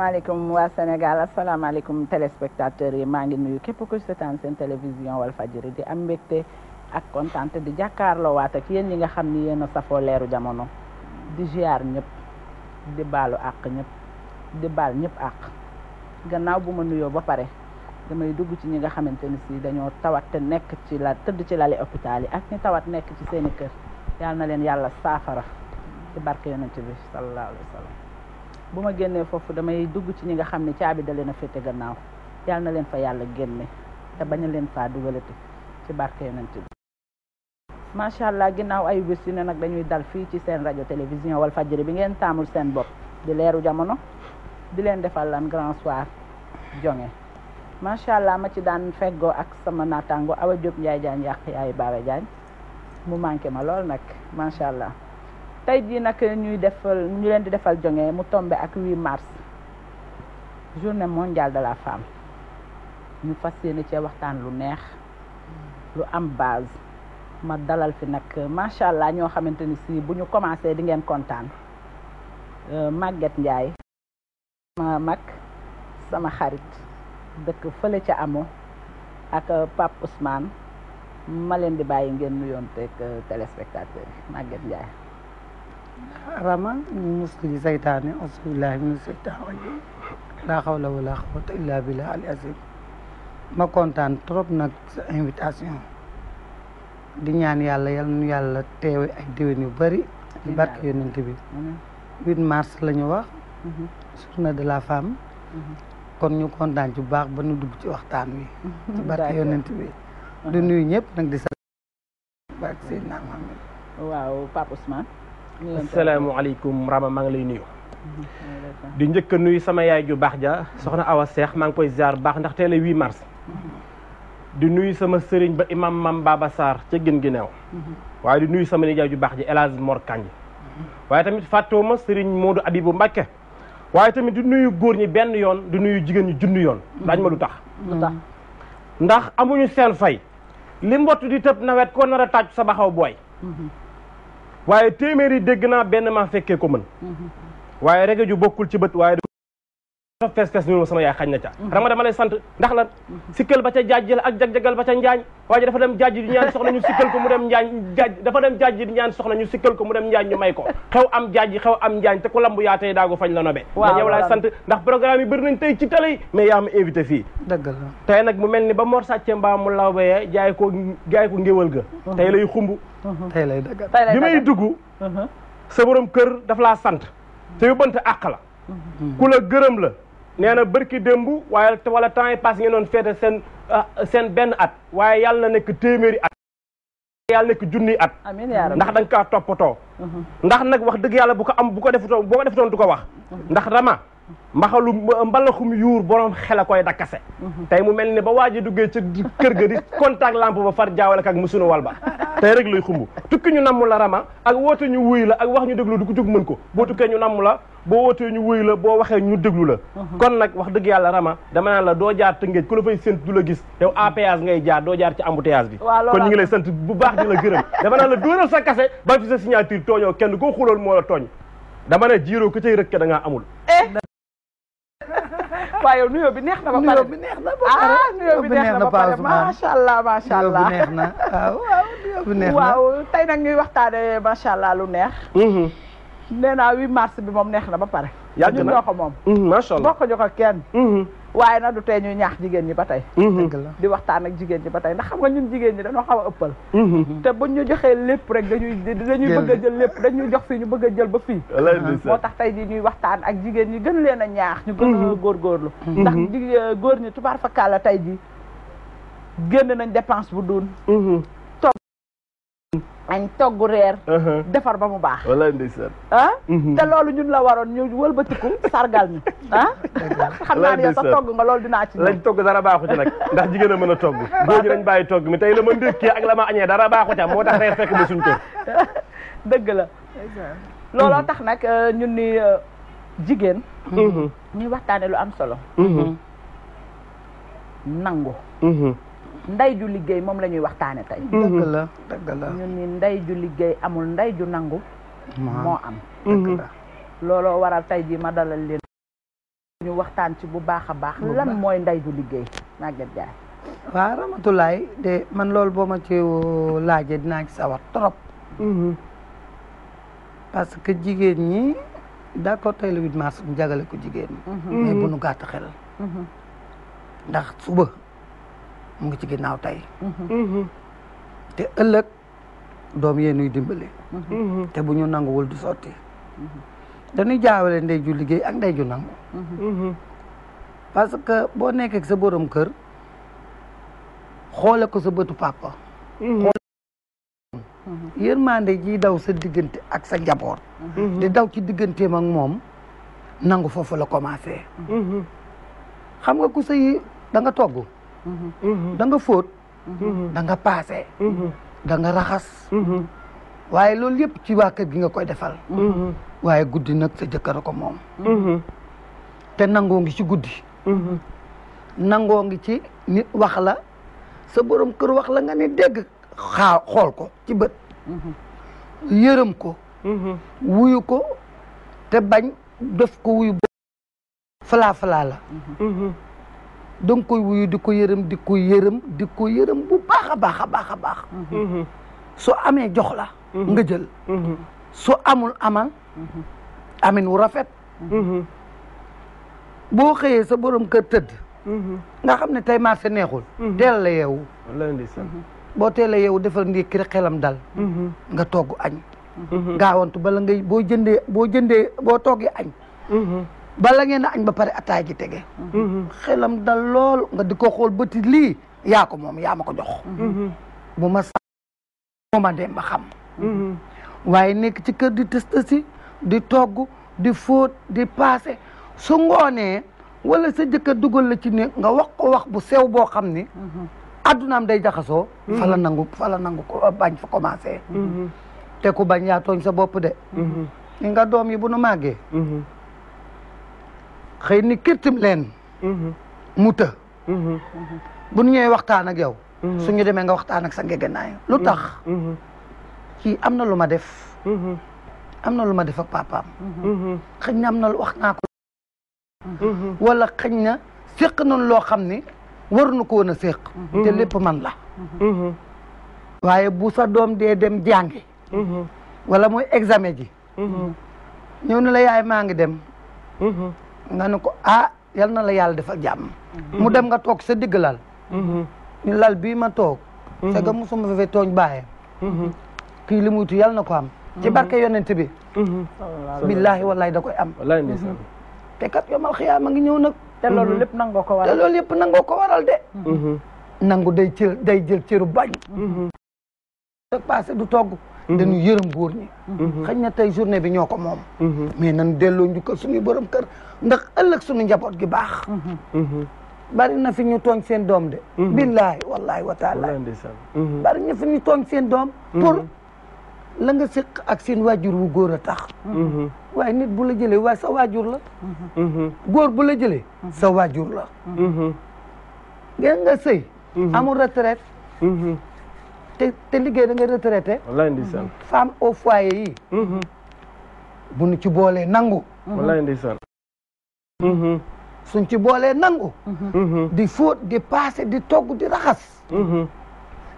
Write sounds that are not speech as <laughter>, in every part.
maaleykum waa Sénégal asalaamaaleykum téléspectateurs yi maa ngi nuyu képp ku seetaan seen télévision Walfadjri di am mbégte ak kontaan di jàkkaarloo waat ak yéen ñi nga xam ni yéen a safoo leeru jamono di ziar ñëpp di baalu àq ñëpp di baal ñëpp àq gannaaw bu ma nuyoo ba pare damay dugg ci ñi nga xamante ni si dañoo tawat nekk ci la tëdd ci lali hôpital yi ak ñi tawat nekk ci seen i kër yal na leen yàlla saafara ci barke yonent bi sallallahu alayhi wa bu ma génnee foofu damay dugg ci ñi nga xam ne caabi da leen féete gannaaw yàlla leen fa yàlla génne te bañ a leen faa dugalati ci barke yonent bi macha allah ginnaaw ay bés ne nag dañuy dal fii ci seen rajo télévision wal fajri bi ngeen taamul seen bopp di leeru jamono di leen defal lan grand soir jonge macha allah ma ci daan feggoo ak sama naataango Awa Diop Ndiaye Diagne yàq yaay Baaba Diagne mu manqué ma lool nag macha allah. tey jii nag ñuy defal ñu leen di defal jonge mu tombe ak 8 mars journée mondiale de la femme ñu fas yéene cee waxtaan lu neex lu am base ma dalal fi nag macha allah ñoo xamante ni si bu ñu commencé di ngeen kontaan euh, Maguette Ndiaye sama mag sama xarit dëkk fële ca amu ak euh, Pape Ousmane ma leen di bàyyi ngeen nuyoon teg euh, téléspectateur yi Maguette Ndiaye rahman ñu mus ko saytaane asubillahi min saytaan rajim laa xawla wala xawata illa billah al azim ma kontaan trop nag invitation di ñaan yàlla yal nu yàlla teewe ay déwén yu bari barke yonent bi huit mars la wax mhm. journée de la femme mhm. kon ñu kontaan ci baax ba nu dugg ci waxtaan wi mhm. ci barke bi du nuyu ñëpp nag di sa asalaamaaleykum Rama maa ngi lay nuyu. di njëkk a nuyu sama yaay ju baax ja soxna aw a Seex maa koy ziar baax ndax teele la mars. di nuyu sama sëriñ ba imam mam Baba Sarr ca gën gi waaye di nuyu sama nijaay ju baax ji El Mor Kandji waaye tamit fàttewuma sëriñ Modou Abibou Mbacke waaye tamit di nuyu góor ñi benn yoon di nuyu jigéen ñi junni yoon daañu ma du tax ndax amuñu seen fay li mbott di tëb nawet koo nar a tàcc sa baxaw booy waaye téeméeri dégg naa benn maa fekkee ko mën mm-hmm. waaye rege ju bokkul ci bët waaye dafa fees fees loolu sama yaay xañ na ca rama mhm. dama lay sant ndax lan mhm. sikkal ba ca jaaj la ak jag-jagal ba ca njaañ waa ji dafa dem jaaj di ñaan soxna ñu sikkal ko mu dem njaañ jaaj dafa dem jaaj di ñaan soxna ñu sikkal ko mu dem njaañ ñu may ko xew am jaaj xew am njaañ te ku lambu yaa tey daagu fañ la nobe ma yow laay sant ndax programme yi bëri nañ tey ci télé yi mais yaa ma invité fii dëgg la tey nag mu mel ni ba Mor sàccee mbaa mu law bayee jaay ko jaay ko ngéwal ga mhm. tey lay xumb tey lay dëgg bi may dugg sa borom kër daf laa sant te yóbbante àq la ku la gërëm la nee na bërki démb waaye wala temps yi passé ngeen doon feete seen ah, seen benn at waaye yàlla na nekk téeméeri at yàlla nekk junni at ndax dang nga kaa toppatoo mhm. ndax nag wax dëgg yàlla bu ko am bu ko defutoon boo ko defutoon du ko wax mhm. ndax rama mbaxalu mbalaxum yuur borom xel a koy dakkase mhm. tey mu mel ni ba waa ji duggee ca kër ga di contact lampe ba far jaawale ak ak musunu wal ba tey rek luy xumb tukki ñu namm la rama ak ñu wuyu la ak ñu déglu du ko jug ko boo tukkee ñu la boo wootee ñu wuyu la boo waxee ñu déglu la mhm. kon nag wax dëgg yàlla rama dama naan la doo jaar tëngéej ku la fay sént du la gis yow APS ngay jaar doo jaar ci embouteillage bi kon ñu ngi lay sant bu baax di la gërëm dama naan la dóoral sa kase ba fi sa signature tooñoo kenn koo xulool moo la tooñ dama da ngaa waaw yow nuyoo bi neex na ba pare nuyoo bi neex na ba pare ah nuyoo bi neex na ba pare macha allah macha allah nuyoo bi neex na waaw waaw nuyoo bi neex na waaw tey nag ñuy waxtaanee macha allah lu neex. Mm-hmm. nee naa 8 mars bi moom neex na ba pare. yàgg na ñun ñoo ko moom. Mm-hmm, macha allah bokkuñu ko kenn. Mm-hmm. waaye nag du tey ñuy ñaax jigéen ñi ba tey mhm. di waxtaan ak jigéen ñi ba tey ndax xam nga ñun jigéen ñi dañoo xaw a ëppal mhm. te buñ ñu joxee lépp rek dañuy dañuy bëgg a jël lépp dañuy jox fii ñu bëgg a jël ba fi moo tax tey jii ñuy waxtaan ak jigéen ñi gën leen a ñaax ñu gën a mhm. góorgóorlu ndax góor ñi tubaar fakkaala tey jii génn nañ dépense bu duun añ togg reer uh-huh. defar ba mu baax wallaay ndeysaan ah mm-hmm. te loolu ñun la waroon ñu wëlbatiku sargal ñu <laughs> ah xam naa ne yow sax togg nga loolu dinaa ci lañ togg dara baaxu ca nag ndax jigéen a mën a togg <laughs> góor ñi dañ bàyyi togg mi tey la ma ndékkee ak la ma añee dara baaxu ca moo tax reer fekk ba suñ kër <laughs> dëgg la looloo mm-hmm. tax nag euh, ñun ni euh, jigéen mm-hmm. ñuy waxtaane lu am solo nangu ndey ju liggéey moom lañuy ñuy waxtaane tey dëgg la mhm. dëgg la ñu ni nday ju liggéey amul nday ju nangu moo am mhm. looloo waral tey jii ma dalal leen ñu waxtaan ci bu baax a baax lan mooy nday ju liggéey Maguette Ndiaye waaw man loolu boo ma ci laajee dinaa sawar trop mhm. parce que jigéen ñi d'accord tey le 8 mars ñu ko jigéen ñi mais nu gàtt xel ndax suba mu ngi ci ginnaaw tey mm-hmm. te ëllëg doom yee nuy dimbali mm-hmm. te bu ñu nanguwul du sotti mm-hmm. dañuy jaawale ndey ju liggéey ak ndey ju nangu parce que boo nekkee sa borom kër xoole ko sa bëtu papa yërmande ji daw sa diggante ak sa njaboot di daw ci digganteem ak moom nangu foofu la commencé xam nga ku sëy da nga togg Mm-hmm. da nga fóot mm-hmm. danga nga paase mm-hmm. nga raxas waaye loolu yépp ci waa kër gi nga koy defal waaye guddi nag sa jëkkër ko moom te nangoo ngi ci guddi nangoo ngi ci nit wax la sa borom kër wax la nga ne dégg xool ko ci bët yërëm ko wuyu ko te bañ def ko wuyu bo falaa da nga koy wuyu di ko yërëm di ko di ko yërëm bu baax a baax a baax mm-hmm. soo amee jox la mm-hmm. nga jël mm-hmm. soo amul amal amin wu rafet boo xëyee sa boroom kër tëdd nga xam ne tey marché neexul teel la yeewu boo teel a yeewu defal ndékki rek xelam dal nga togg añ gaawantu bala ngay boo jëndee boo jëndee boo toggee añ bala ngeen añ ba pare ataay gi tege. Mhm. xelam da lool nga di ko xool bëti lii yaa ko moom yaa ma ko jox. Mhm. bu ma sax moom a dem ba xam. Mhm. waaye nekk ci kër di tëstësi di togg di fóot di paase su ngoonee wala sa jëkkër dugal la ci néeg nga wax ko wax bu sew boo xam ni. addunaam day jaxasoo. fa la nangu fa nangu ko euh, bañ fa commencé. te ku bañ yaa tooñ sa bopp de. ni nga doom yi bu nu màggee. xëy ni kirtim leen mhm. muta mhm. bu ñu ñëwee waxtaan ak yow mhm. suñu demee nga waxtaan ak sa ngegenaay lu tax kii am na lu ma def am na lu ma def ak papaam xëñ na am na lu wax naa ko wala xëñ na séq nañ loo xam ni waruñu ko woon a séq te lépp man la waaye bu sa doom dee dem jàngi wala muy examen ji ñëw ne la yaay maa ngi dem nga ne ko ah yal na la yàlla defal jàmm. mu dem nga toog sa digg lal. ñu lal bi ma toog. c'est que mosuma mhm. fa fee tooñ baaye. Mhm. kii li muytu yàlla na ko am. ci mhm. barke yonent bi. billaahi wallaahi da koy am. te kat yomal xiyaama ngi ñëw nag. te loolu lépp nangoo ko waral lépp nangoo ko waral de. nangu day cër day jël cëru bañ. te passé du togg. Mm-hmm. dañu yërëm góor ñi mm-hmm. xëy na tey journée bi ñoo ko moom mm-hmm. mais nan delloo njukkal suñu borom kër ndax ëllëg suñu njaboot gi baax bari na fi ñu tooñ seen doom de billaahi wallaahi wa taala bari na fi ñu tooñ seen doom pour la nga séq ak seen waajur wu góor a tax waaye nit bu la jëlee waaye sa waajur la góor bu la jëlee sa waajur la ngeen nga sëy amul retraite te liggéey da nga retraité. wallaay ndeysaan mm-hmm. femme au foyer mm-hmm. bu nu ci boolee nangu. Mm-hmm. wallaay ci boolee nangu. di fóot di paase di togg di raxas.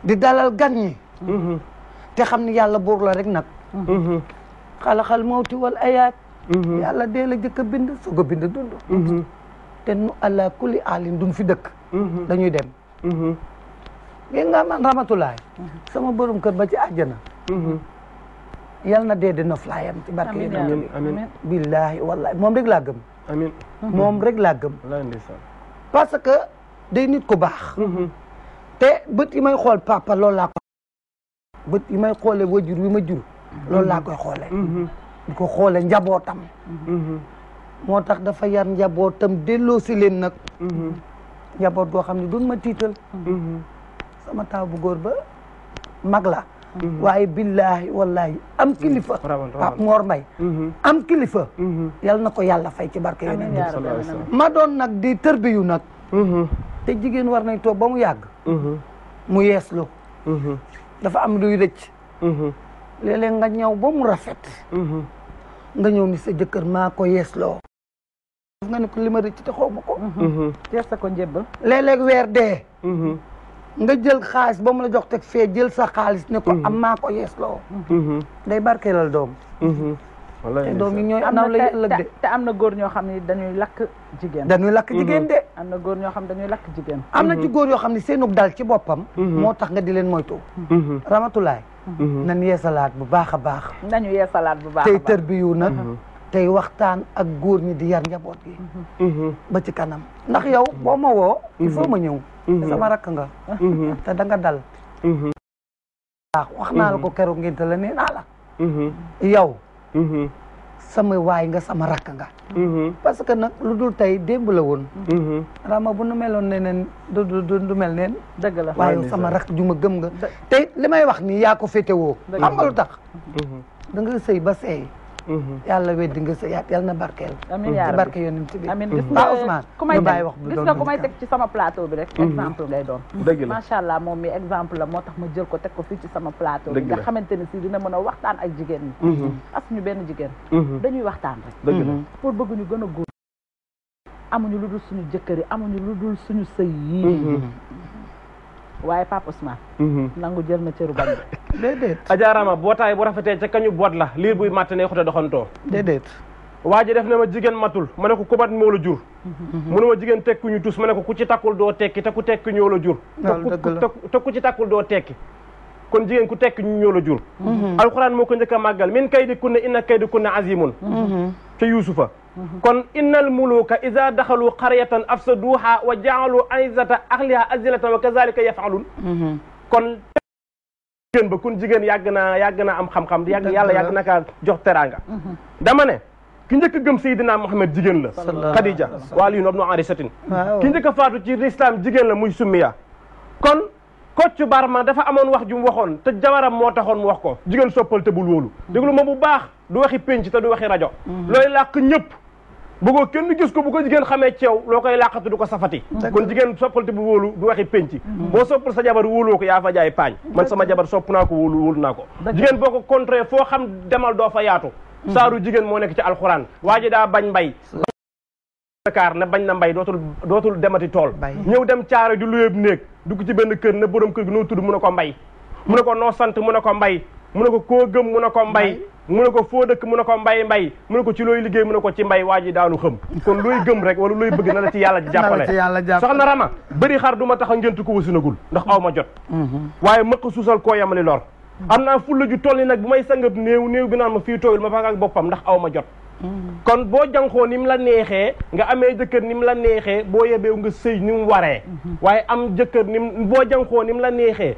di dalal gan ñi. te xam ni yàlla buur la rek nag. xalaxal mawti wal ayaat. yàlla dee la jëkk a bind soog a bind dund. te nu ala kulli alin duñ fi dëkk. dañuy dem. gis nga man ramatulaay sama borom kër ba ci àjjana mhm. yal na dee di nof laayam ci barke amiin amiin billaahi wallaahi moom rek laa gëm moom rek laa gëm parce que day nit ku baax mhm. te bët yi may xool papa loolu laa ko bët yi may xoole wajur wi ma jur loolu laa koy xoole mhm. di ko xoole njabootam moo tax dafa yar njabootam delloo si leen nag njaboot goo xam ne doon ma tiital sama taaw bu góor ba mag la mhm. waaye billaahi wallaahi am mhm. kilifa Pape Mor Mbaye mhm. am kilifa yal na ko yàlla fay ci barke yonent bi ma doon nag di tërbiyu nag te jigéen war nañ toog ba mu yàgg mu yeeslu dafa am luy rëcc léeg nga ñëw ba mu rafet nga ñëw ni sa jëkkër maa ko ma ko yees ko njëbb weer dee nga jël xaalis ba mu jox teg fee jël sa xaalis ne ko mhm. am maa ko loo mhm. day barkeelal doom mhm. te doom yi ñooy naw la te am na góor ñoo xam ne dañuy lakk jigéen dañuy lakk jigéen de am na góor ñoo xam ne dañuy lakk jigéen am na ci góor yoo xam ne seenug dal ci boppam moo tax nga di leen moytu ramatulaay nan salaat bu baax a baax nañu yeesalaat bu baax a baax tey tër bi tey waxtaan ak góor ñi di yar njaboot gi. Mm-hmm. ba ci kanam ndax yow boo ma woo. il faut ma ñëw. Mm-hmm. sama rakk nga. Mm-hmm. <laughs> te da nga dal. waaw wax naa la ko keroog ngeen te yow. sama waay nga sama rakk nga. parce que nag lu dul tey démb la woon. rama bu nu meloon ne neen du du du mel neen. dëgg sama rakk ju gëm nga. te li may wax nii yaa ko féetewoo. xam nga lu tax. danga sey ba sey Mm-hmm. yàlla weddi nga sa yaat yàlla na barkeel. amiin yaa rabbi ci barke yonent bi. amiin gis nga mm-hmm. ah, ku may teg gis nga ku may teg ci sama plateau bi rek. Mm-hmm. exemple lay doon. dëgg la macha allah moom mi exemple la moo tax ma jël ko teg ko fii ci sama plateau. dëgg la nga xamante ne si dina mën a waxtaan ak jigéen ñi. as ñu benn jigéen. dañuy waxtaan rek. dëgg la pour bëgg ñu gën a góor amuñu lu dul suñu jëkkër yi amuñu lu dul suñu sëy yii waaye Pape Ousmane. Mhm. nangu jël na cëru bañ bi. <laughs> déedéet. ajaaraama bootaay bu rafetee ca kañu boot la liir buy màtt ne xote doxantoo. déedéet. waa ji def na ma jigéen matul ma ne ko kubat moo la jur. Mhm. mu ne ma jigéen tekki ñu tus ma ne ko ku ci takkul doo tekki te ku tekki ñoo la jur. te ku ci takkul doo tekki. kon jigéen ku tekki ñu ñoo la jur. Mhm. alxuraan moo ko njëkk a màggal min kaydi kunna inna kaydi kunna azimun. ca Yuusufa. kon innal muluka ida daxalu qaryatan afsaduha wa jaalu aizata ahliha azilatan wa kazalika yafalun mhm. kon jigéen ba kun jigéen yàgg naa am xam-xam yàgg yàlla yàgg na kaa jox teraanga mhm. dama ne ki njëkk gëm Seydina Muhammad jigéen la Khadija waaliyun ibnu Arisatin ki njëkk faatu ci lislaam jigéen la muy Summiya kon Kocc Barma dafa amoon wax ju mu waxoon te jabaram moo taxoon mu wax ko jigéen soppal te bul wóolu mhm. déglu ma bu baax du waxi pénc te du waxi rajo looy làkk ñëpp ko kenn gis ko bu ko jigéen xamee ceew loo koy làqatu du ko safati kon jigéen soppalti bu wóolu du waxi penc mm-hmm. boo soppal sa jabar wóoloo ko yaa fa jaay paañ man sama jabar sopp naa ko wóolu wóolu naa ko jigéen boo ko contré foo xam demal doo fa yaatu mm-hmm. saaru jigéen moo nekk ci alxuraan waa ji daa bañ mbay Dakar na bañ na mbay dootul dootul demati tool ñëw dem caaro ju luyeeb néeg dugg ci benn kër na borom kër gi noo tudd mu ne ko mbay mu ne ko noo sant mu ne ko mbay mu ne ko koo gëm mu na ko mbay mu ne ko foo dëkk mu ne ko mbay mbay mu ne ko ci looy liggéey mu ne ko ci mbay waa ji daanu xëm kon looy gëm rek wala looy bëgg na la ci yàlla <laughs> jàppale soxna Rama bëri xar du ma tax a ngént ko wasinagul ndax aw ma jot mhm. waaye mëq suusal koo yamali lor mhm. am naa fulla ju toll ni nag bu may sangat néew néew bi naan ma fii tooyul ma fàgg ak boppam ndax aw ma jot mhm. kon boo jànkoo ni mu la neexee nga amee jëkkër ni mu la neexee boo yebeew nga sëy ni mu waree waaye am jëkkër ni mu boo jànkoo ni mu la neexee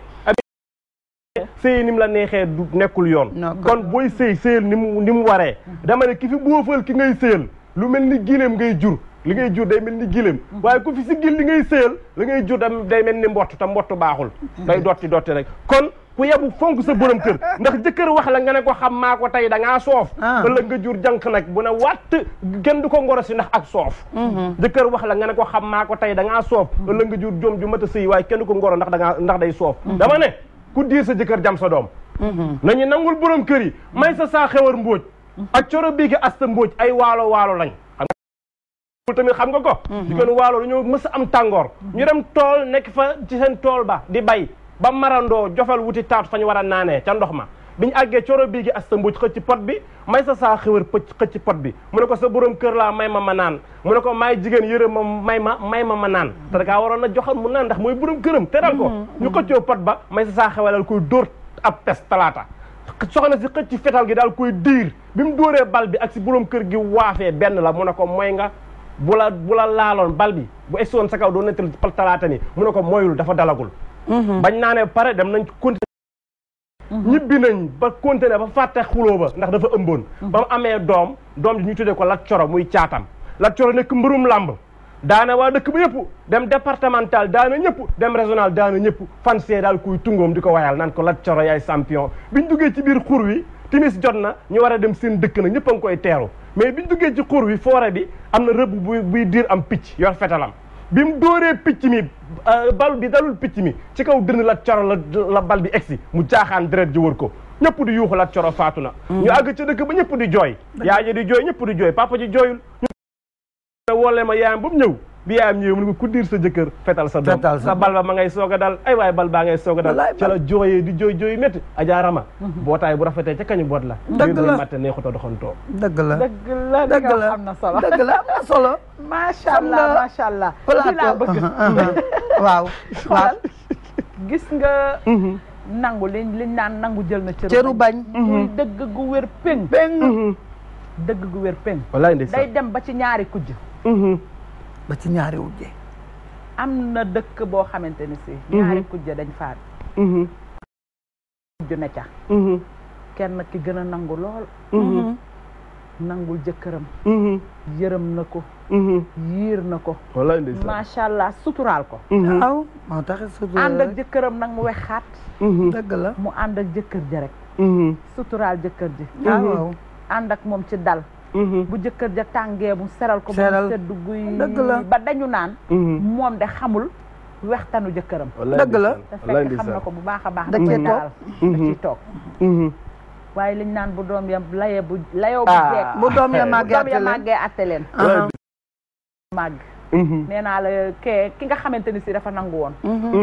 sëy ni mu la neexee du nekkul yoon kon booy sëy sëyal ni mu ni mu waree mm-hmm. dama ne ki fi boofal ki ngay sëyal lu mel ni gileem ngay jur li ngay jur day mel ni gileem mm-hmm. waaye ku fi si li ngay sëyal li ngay jur day mel ni mbott te mbott baaxul mm-hmm. day dotti dotti rek kon ku yebu fonk sa borom kër <laughs> ndax jëkkër wax la nga ne ko xam maa ko tey da ngaa soof wala ah. nga jur jànq nag bu ne wàtt kenn du ko ngoro si ndax ak soof jëkkër wax la nga ne ko xam maa ko tey da ngaa soof wala nga jur joom ju mat ta sëy waaye kenn du ko ngoro ndax da ngaa ndax day soof ku diir sa jëkkër jam sa doom mm-hmm. nañu nangul boroom kër yi may sa saa xewar mbóoj mm-hmm. ak coro bii gi asta mbóoj ay waalo waalo lañ xam tamit xam nga ko di mm-hmm. kon waalo dañoo mës a am tàngoor ñu dem tool nekk fa ci seen tool ba di bay ba marandoo jofal wuti taat fañu war a naanee ca ndox ma biñu àggee coro bii gi as sa mbuuj xëcc pot bi may sa saa xëwër pëcc xëcc pot bi mu ne ko sa borom kër laa may ma ma naan mu ne ko maay jigéen yërëm ma may ma may ma ma naan te da kaa waroon na joxal mu naan ndax mooy borom këram teral ko mm-hmm. ñu xëccoo pot ba may sa saa xewalal koy dóor ab pes talaata soxna si xëcc fetal gi daal koy diir bi mu dóoree bal bi ak si borom kër gi waafee benn la mu ne ko mooy nga bu la bu la laaloon bal bi bu egsi woon sa kaw doo nettal talaata ni mu ne ko moyul dafa dalagul mm-hmm. Mhm. ñibbi nañ ba continuer ba fàtte xuloo ba ndax dafa ëmboon mhm. ba mu amee doom doom ji ñu tuddee ko Lat Coro muy caatam Lat Coro nekk mbërum làmb daana waa dëkk ba yëpp dem départemental daana ñëpp dem régional daana ñëpp fansee daal kuy tungoom di ko wayal naan ko Lat Coro yaay champion ñu duggee ci biir xur wi timis jot na ñu war a dem seen dëkk nag ñëpp a koy teeru mais bi biñ duggee ci xur wi foore bi am na rëbb buy buy diir am picc yor fetalam bi mu dóoree picc mi euh, bal bi dalul picc mi ci kaw dënn Lat Coro la la bal bi egsi mu jaaxaan deret ji wër ko ñëpp di yuuxu Lat Coro faatu na mm. ñu àgg ca dëkk ba ñëpp di jooy yaay ja di jooy ñëpp di jooy papa ji jooyul ñu woole ma yaayam ba mu ñëw bi yaayam ñëwee mu ne ko ku sa jëkkër fetal sa doom sa bal ma ngay soog a dal ay waaye bal baa ngay soog a dal ca la jooyee di jooy jooy métti ajaarama mhm. bootaay bu rafetee ca kañu boot la dëgg la matte ne xoto doxantoo dëgg la dëgg am na solo dëgg la solo macha allah macha allah uh-huh, uh-huh. <laughs> waaw waaw gis nga mm-hmm. nangu li liñ naan nangu jël na cëru bañ muy mm-hmm. dëgg gu wér péng mm-hmm. dëgg gu wér péng wallaay day dem ba ci ñaari kujj ba ci ñaari wujje am na dëkk boo xamante ni si mhm. ñaari kujje dañ faat mhm. kujju ne mhm. kenn ki gën a nangu lool nangul jëkkëram yërëm na ko yiir na ko macha allah suturaal ko ah, waaw moo tax suturaal ànd ak jëkkëram nag mu wexaat dëgg la mu ànd ak jëkkër ji rek suturaal jëkkër ji ah, waaw ànd ak moom ci dal Mm-hmm. bu jëkkër ja tàngee bu seral ko ba mu sedd guy ba dañu naan mm-hmm. moom de xamul wextanu jëkkëram dëgg la te fekk xam na ko bu baax a baax da mm-hmm. ciy toog da ciy toog waaye liñ naan bu doom ya laye bu layoo bu ah, jeeg bu doom ya màggee atte leen uh-huh. màgg nee naa la kee ki nga xamante ni si dafa nangu woon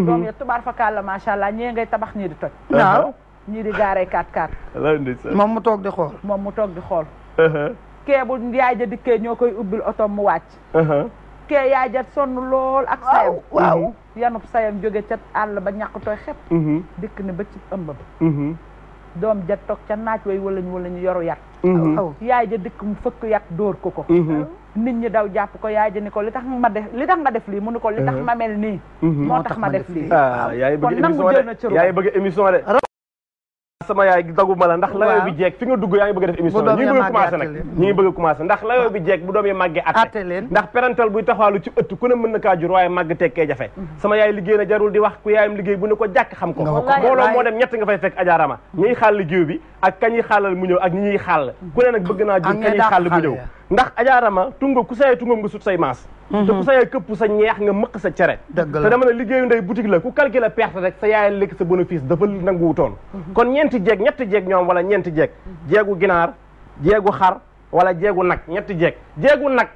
doom ya tubaar fakal la macha allah ñee ngay tabax ñii di toj waaw ñii di gaaree 4 4 moom mu toog di xool moom mu toog di xool uh-huh. kee bu yaay ja dikkee ñoo koy ubbil otom mu wàcc kee yaay ja sonn lool ak sayam waaw mhm. yanub sayam jóge ca àll ba ñàkk tooy xepp mhm. dikk na ba ci ëmbam mhm. doom ja toog ca naaj way wala ñu wala ñu yoru yat yaay ja dikk mu fëkk yat door ko ko nit ñi daw jàpp ko yaay ja ni ko li tax ma def li tax nga def lii mu ni ko li tax ma mel nii moo tax ma def lii ah, kon nangu jël na cëru yaay bëgg émission de sama yaay daguma la ndax layoo bi jeeg fi nga dugg yaa ngi bëgg def émission ñu ndax layoo bi jeeg bu doom yi màggee atte ndax parental buy taxawaalu ci ëtt ku ne mën na kaa jur waaye màgg tekkee jafe mhm. sama yaay liggéey na jarul di wax ku yaayam liggéey bu ne ko jàkk xam ko mbooloo moo dem ñett nga fay fekk ajaarama ñiy xaal liggéey bi ak kañuy xaalal mu ñëw ak ñi ñuy xaal ku ne nag bëgg naa jur kañuy xaal mu ñëw ndax ajaarama tunga ku sayee tungam nga sut say maas mhm. te ku sayee këpp sa ñeex nga mëq sa cere te dama ne liggéeyu ndey boutique la ku calculer perte rek sa yaay lekk sa bénéfice dafa nanguwutoon mhm. kon ñeenti jeeg ñetti jeeg ñoom wala ñeenti jeeg mhm. jeegu ginaar jeegu xar wala jeegu nag ñetti jeeg jeegu nag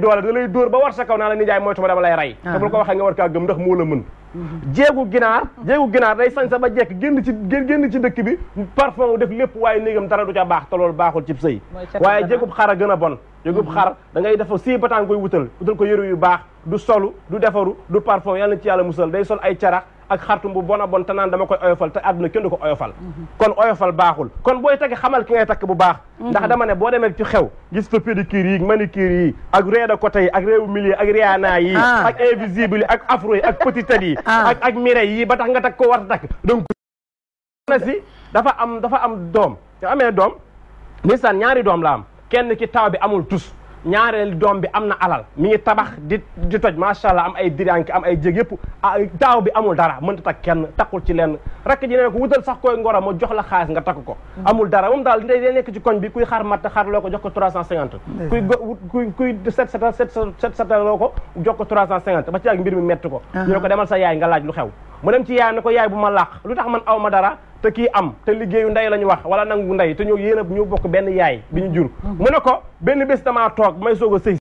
doole da lay dóor ba war sa kaw naa la nijaay mooy tuma dama lay ah. la mën Mm-hmm. jéegu ginaar jéegu ginaar day sañ sa ba jekk génn ci génn ci dëkk bi parfum def lépp waaye néegam dara du ca baax te loolu baaxul cib sëy waaye jéegub xar a gën a bon jéegub mm-hmm. xar dangay ngay defa sii bataan koy wutal wutal ko yëre yu baax du solu du defaru du parfum yàlla na ci yàlla musal day sol ay carax ak xartum bu bon a bon te naan dama koy oyofal te àdduna kenn du ko oyofal kon oyofal baaxul kon booy takk xamal ki ngay takk bu baax mm-hmm. ndax dama ne boo demee ci xew gis fa pédicure yi manicure yi ak ree de côté yi ak réewu milieu ak riana yi ah. ak invisible yi ak afro yi ak petit tête yi ah. ak ak mire yi ba tax nga takk ko war a takk donc na si dafa am dafa am doom te amee doom ndeysaan ñaari doom la am kenn ki taw bi amul tus ñaareel doom bi am na alal mi ngi tabax di di toj macha allah am ay dirànk am ay jég yëpp ah, taaw bi amul dara mënta tak kenn takkul ci lenn rakk ji ne ko wutal sax koy ngoro ma jox la xaalis nga takk ko mm. amul dara moom daal day nekk ci koñ bi kuy xaar matt xaar loo ko jox ko 350 kuy kuy kuy set setal set setal loo ko jox ko 350 ba ci ak mbir mi metti ko ñu ne ko demal sa yaay nga laaj lu xew mu dem ci yaay ne ko yaay bu ma làq lu tax man aw ma dara te kii am te liggéeyu ndey la ñu wax wala nangu ndey te ñoo yéen a ñoo bokk benn yaay bi ñu jur hmm. mu ne ko benn bés damaa toog may soog a sëy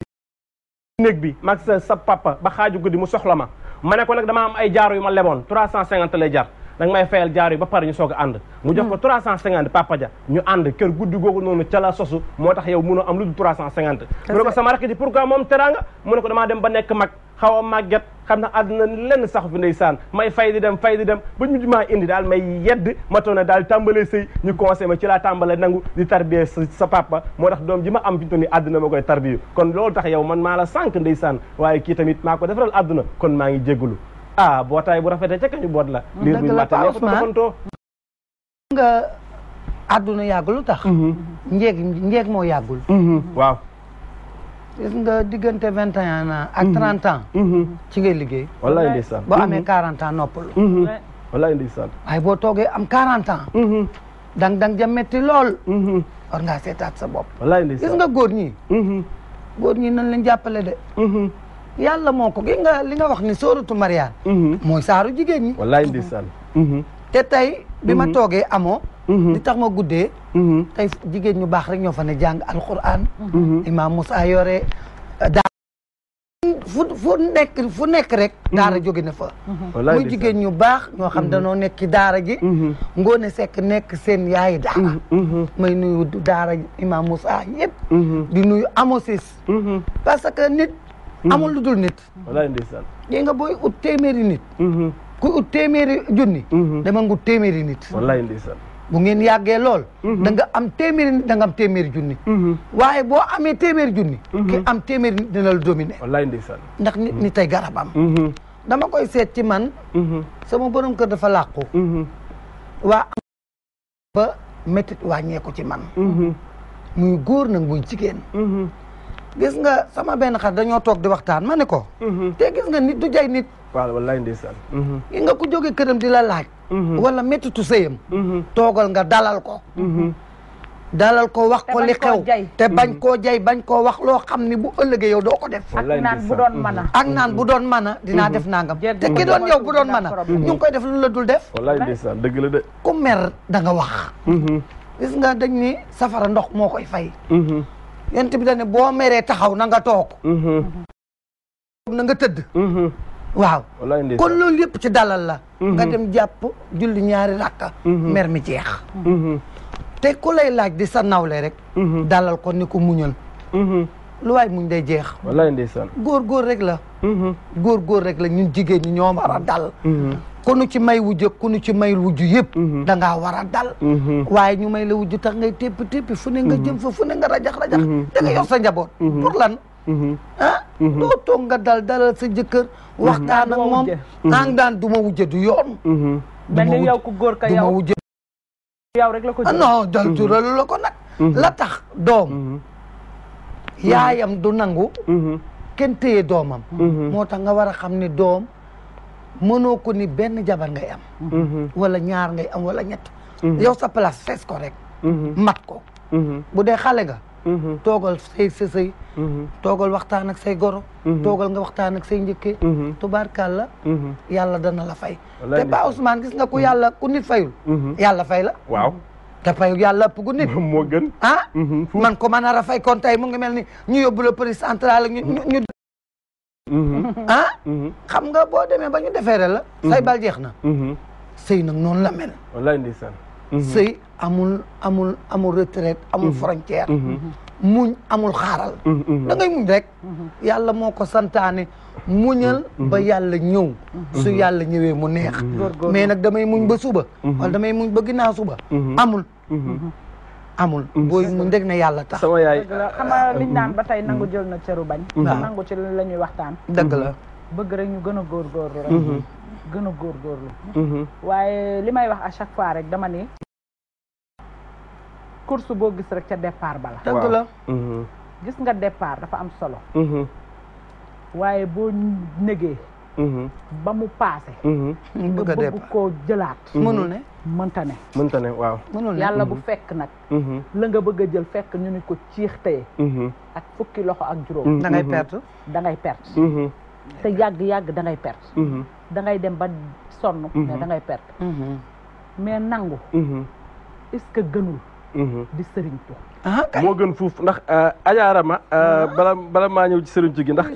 néeg bi mag sa sa papa ba xaaju guddi mu soxla ma ma ne ko nag dama am ay jaaru yu ma leboon trois cent cinquante lay jar danga may fayal jaar yi ba pare ñu soog a mu jox ko 350 hmm. papa ja ñu ànd kër guddi googu noonu ca la sosu moo tax yow mënoo am lu dul 350 mu ne ko sama rakk ji pourquoi moom teraanga mu ko damaa dem ba nekk mag xaw a màgget xam na àdduna lenn sax fi ndeysaan may fay di dem fay di dem ba ñu maa indi daal may yedd ma toog daal tàmbalee sëy ñu conseillé ma ci laa tàmbale nangu di tarbiye sa papa moo tax doom ji ma am fi mu ni àdduna ma koy tarbiyu kon loolu tax yow man maa la sànq ndeysaan waaye kii tamit maa ko defaral àdduna kon maa ngi jégalu a ah, bootaay bu rafetee ca kañu boot la. liir mm-hmm. bi matt nekk yàgg lu tax. Mm-hmm. njéeg njéeg moo yàggul. Mm-hmm. waaw. gis nga diggante vingt et un ans ak trente ans. ci ngay liggéey. boo amee quarante ans noppalu. wallaay ndeysaan. boo toogee am quarante ans. dang dang ja metti lool. war ngaa seetaat sa bopp. wallaay ndeysaan gis nga de. yàlla moo ko gi nga li nga wax ni sóoratu Mariam. Mhm. mooy saaru jigéen ñi. wallaay ndeysaan. Mhm. te tey bi ma mhm. toogee amoo. di tax ma guddee. tey jigéen ñu baax rek ñoo fa ne jàng alquran. imaam Moussa yore euh, daara fu nekk fu nekk rek. daara jóge na fa. muy jigéen ñu baax ñoo xam danoo nekk ci daara ji. Ngoone Sekk nekk seen yaayi daara. may nuyu daara imaam Moussa yëpp. di nuyu Amosis. parce que nit. Hmm. amul lu dul nit. walaay ndeysaan. dégg nga booy ut téeméeri nit. Hmm. ku ut téeméeri junni. Hmm. dama ngu téeméeri nit. walaay ndeysaan. bu ngeen yàggee lool. da am téeméeri nit am téeméeri junni. waaye boo amee téeméeri junni. ki am téeméeri nit dina la dominer. walaay ndeysaan. ndax nit ni tey garabam. dama koy seet ci man. sama borom kër dafa làqu. waa am wàññeeku ci man. góor nag muy gis nga sama benn xar dañoo toog di waxtaan ma ne ko. Mhm. te gis nga nit du jay nit. waaw wallaay ndeysaan. Mhm. nga ku jóge këram di la laaj. Mhm. wala méttitu sëyam. toogal nga dalal ko. dalal ko wax ko li xew te bañ koo jay bañ koo wax loo xam ni bu ëllëgee yow doo ko def ak naan bu doon mën a ak naan bu doon mën dinaa def nangam te ki doon yow bu doon mën a ñu ngi koy def lu la dul def wallaay ndeysaan dëgg la de ku mer danga wax gis nga dañ ni safara ndox moo koy fay yent bi dañ boo meree taxaw na nga toog mhm. na nga tëdd mhm. waaw kon loolu yëpp ci dalal la mhm. nga dem jàpp julli ñaari rakka mer mi jeex te ku lay laaj di sa nawle rek dalal ko ni ko muñal lu waay muñ day jeex. wallaay ndeysaan. góor góor rek la. Mm-hmm. góor góor rek la ñun jigéen ñi ñoo a dal. Mm-hmm. ku nu ci may wujj ku nu ci may wujj yëpp. Mm-hmm. danga ngaa war dal. waaye ñu may la wujj tax ngay téppi téppi fu nga jëm fa ne nga rajax rajax. da nga sa njaboot. pour lan. ah. doo nga dal dalal sa jëkkër. waxtaan ak moom naan daan du ma wujj du yoon. du ma wujj yow ku góor ka yow. yow rek la ko ah, non dal jural la ko nag. la tax doom. Mm-hmm. yaayam du nangu mm-hmm. kenn téye doomam mm-hmm. moo tax nga war a xam ni doom mënoo ko ni benn jabar ngay am wala ñaar ngay am wala ñett yow sa place fees ko rek mat dee xale nga toogal say waxtaan ak say goro toogal nga waxtaan ak say njëkkee tubaarkàlla yàlla dana la fay te ba Ousmane gis ku yàlla ku nit fayul yàlla la te payug yàlla ëpp gu <laughs> moo gën ah mm-hmm. man ko mën a rafay kon tey mu ngi mel ni ñu yóbbu la police centrale ñu ñu mm-hmm. Mm-hmm. ah xam nga boo demee ba ñu defeere la say bal jeex na sëy nag noonu la mel wallaay ndeysaan sëy amul amul amul retraite amul frontière muñ amul xaaral mm-hmm, mm-hmm. da muñ rek mm-hmm. yàlla moo ko santaane muñal ba yàlla ñëw su yàlla ñëwee mu neex mais nag damay muñ ba suba wala damay muñ ba ginnaaw suba amul amul booy muñ rek na yàlla tax sama yaay xam nga liñ ba tey nangu jël na cëru bañ nangu ci la ñuy waxtaan dëgg la bëgg rek ñu gën a góorgóorlu rek gën a góorgóorlu waaye li may wax a chaque fois rek dama ne course boo gis rek ca départ bala la dëgg mhm. gis nga départ dafa am solo mhm. waaye boo négee mhm. ba mu paase nga bëgg ko jëlaat mënul ne mënta ne mënta ne waaw mënul ne yàlla bu fekk nag la nga bëgg a jël fekk ñu ni ko ciix tey ak fukki loxo ak juróom da ngay perte da ngay perte te yàgg-yàgg da ngay perte dangay dem ba sonn mais da ngay perte mais nangu est-ce gënul Mm-hmm. di sëriñ tu ah, moo gën fuuf ndax euh, ajaarama euh, ah. bala bala maa ñëw ci sëriñ tu gi ndax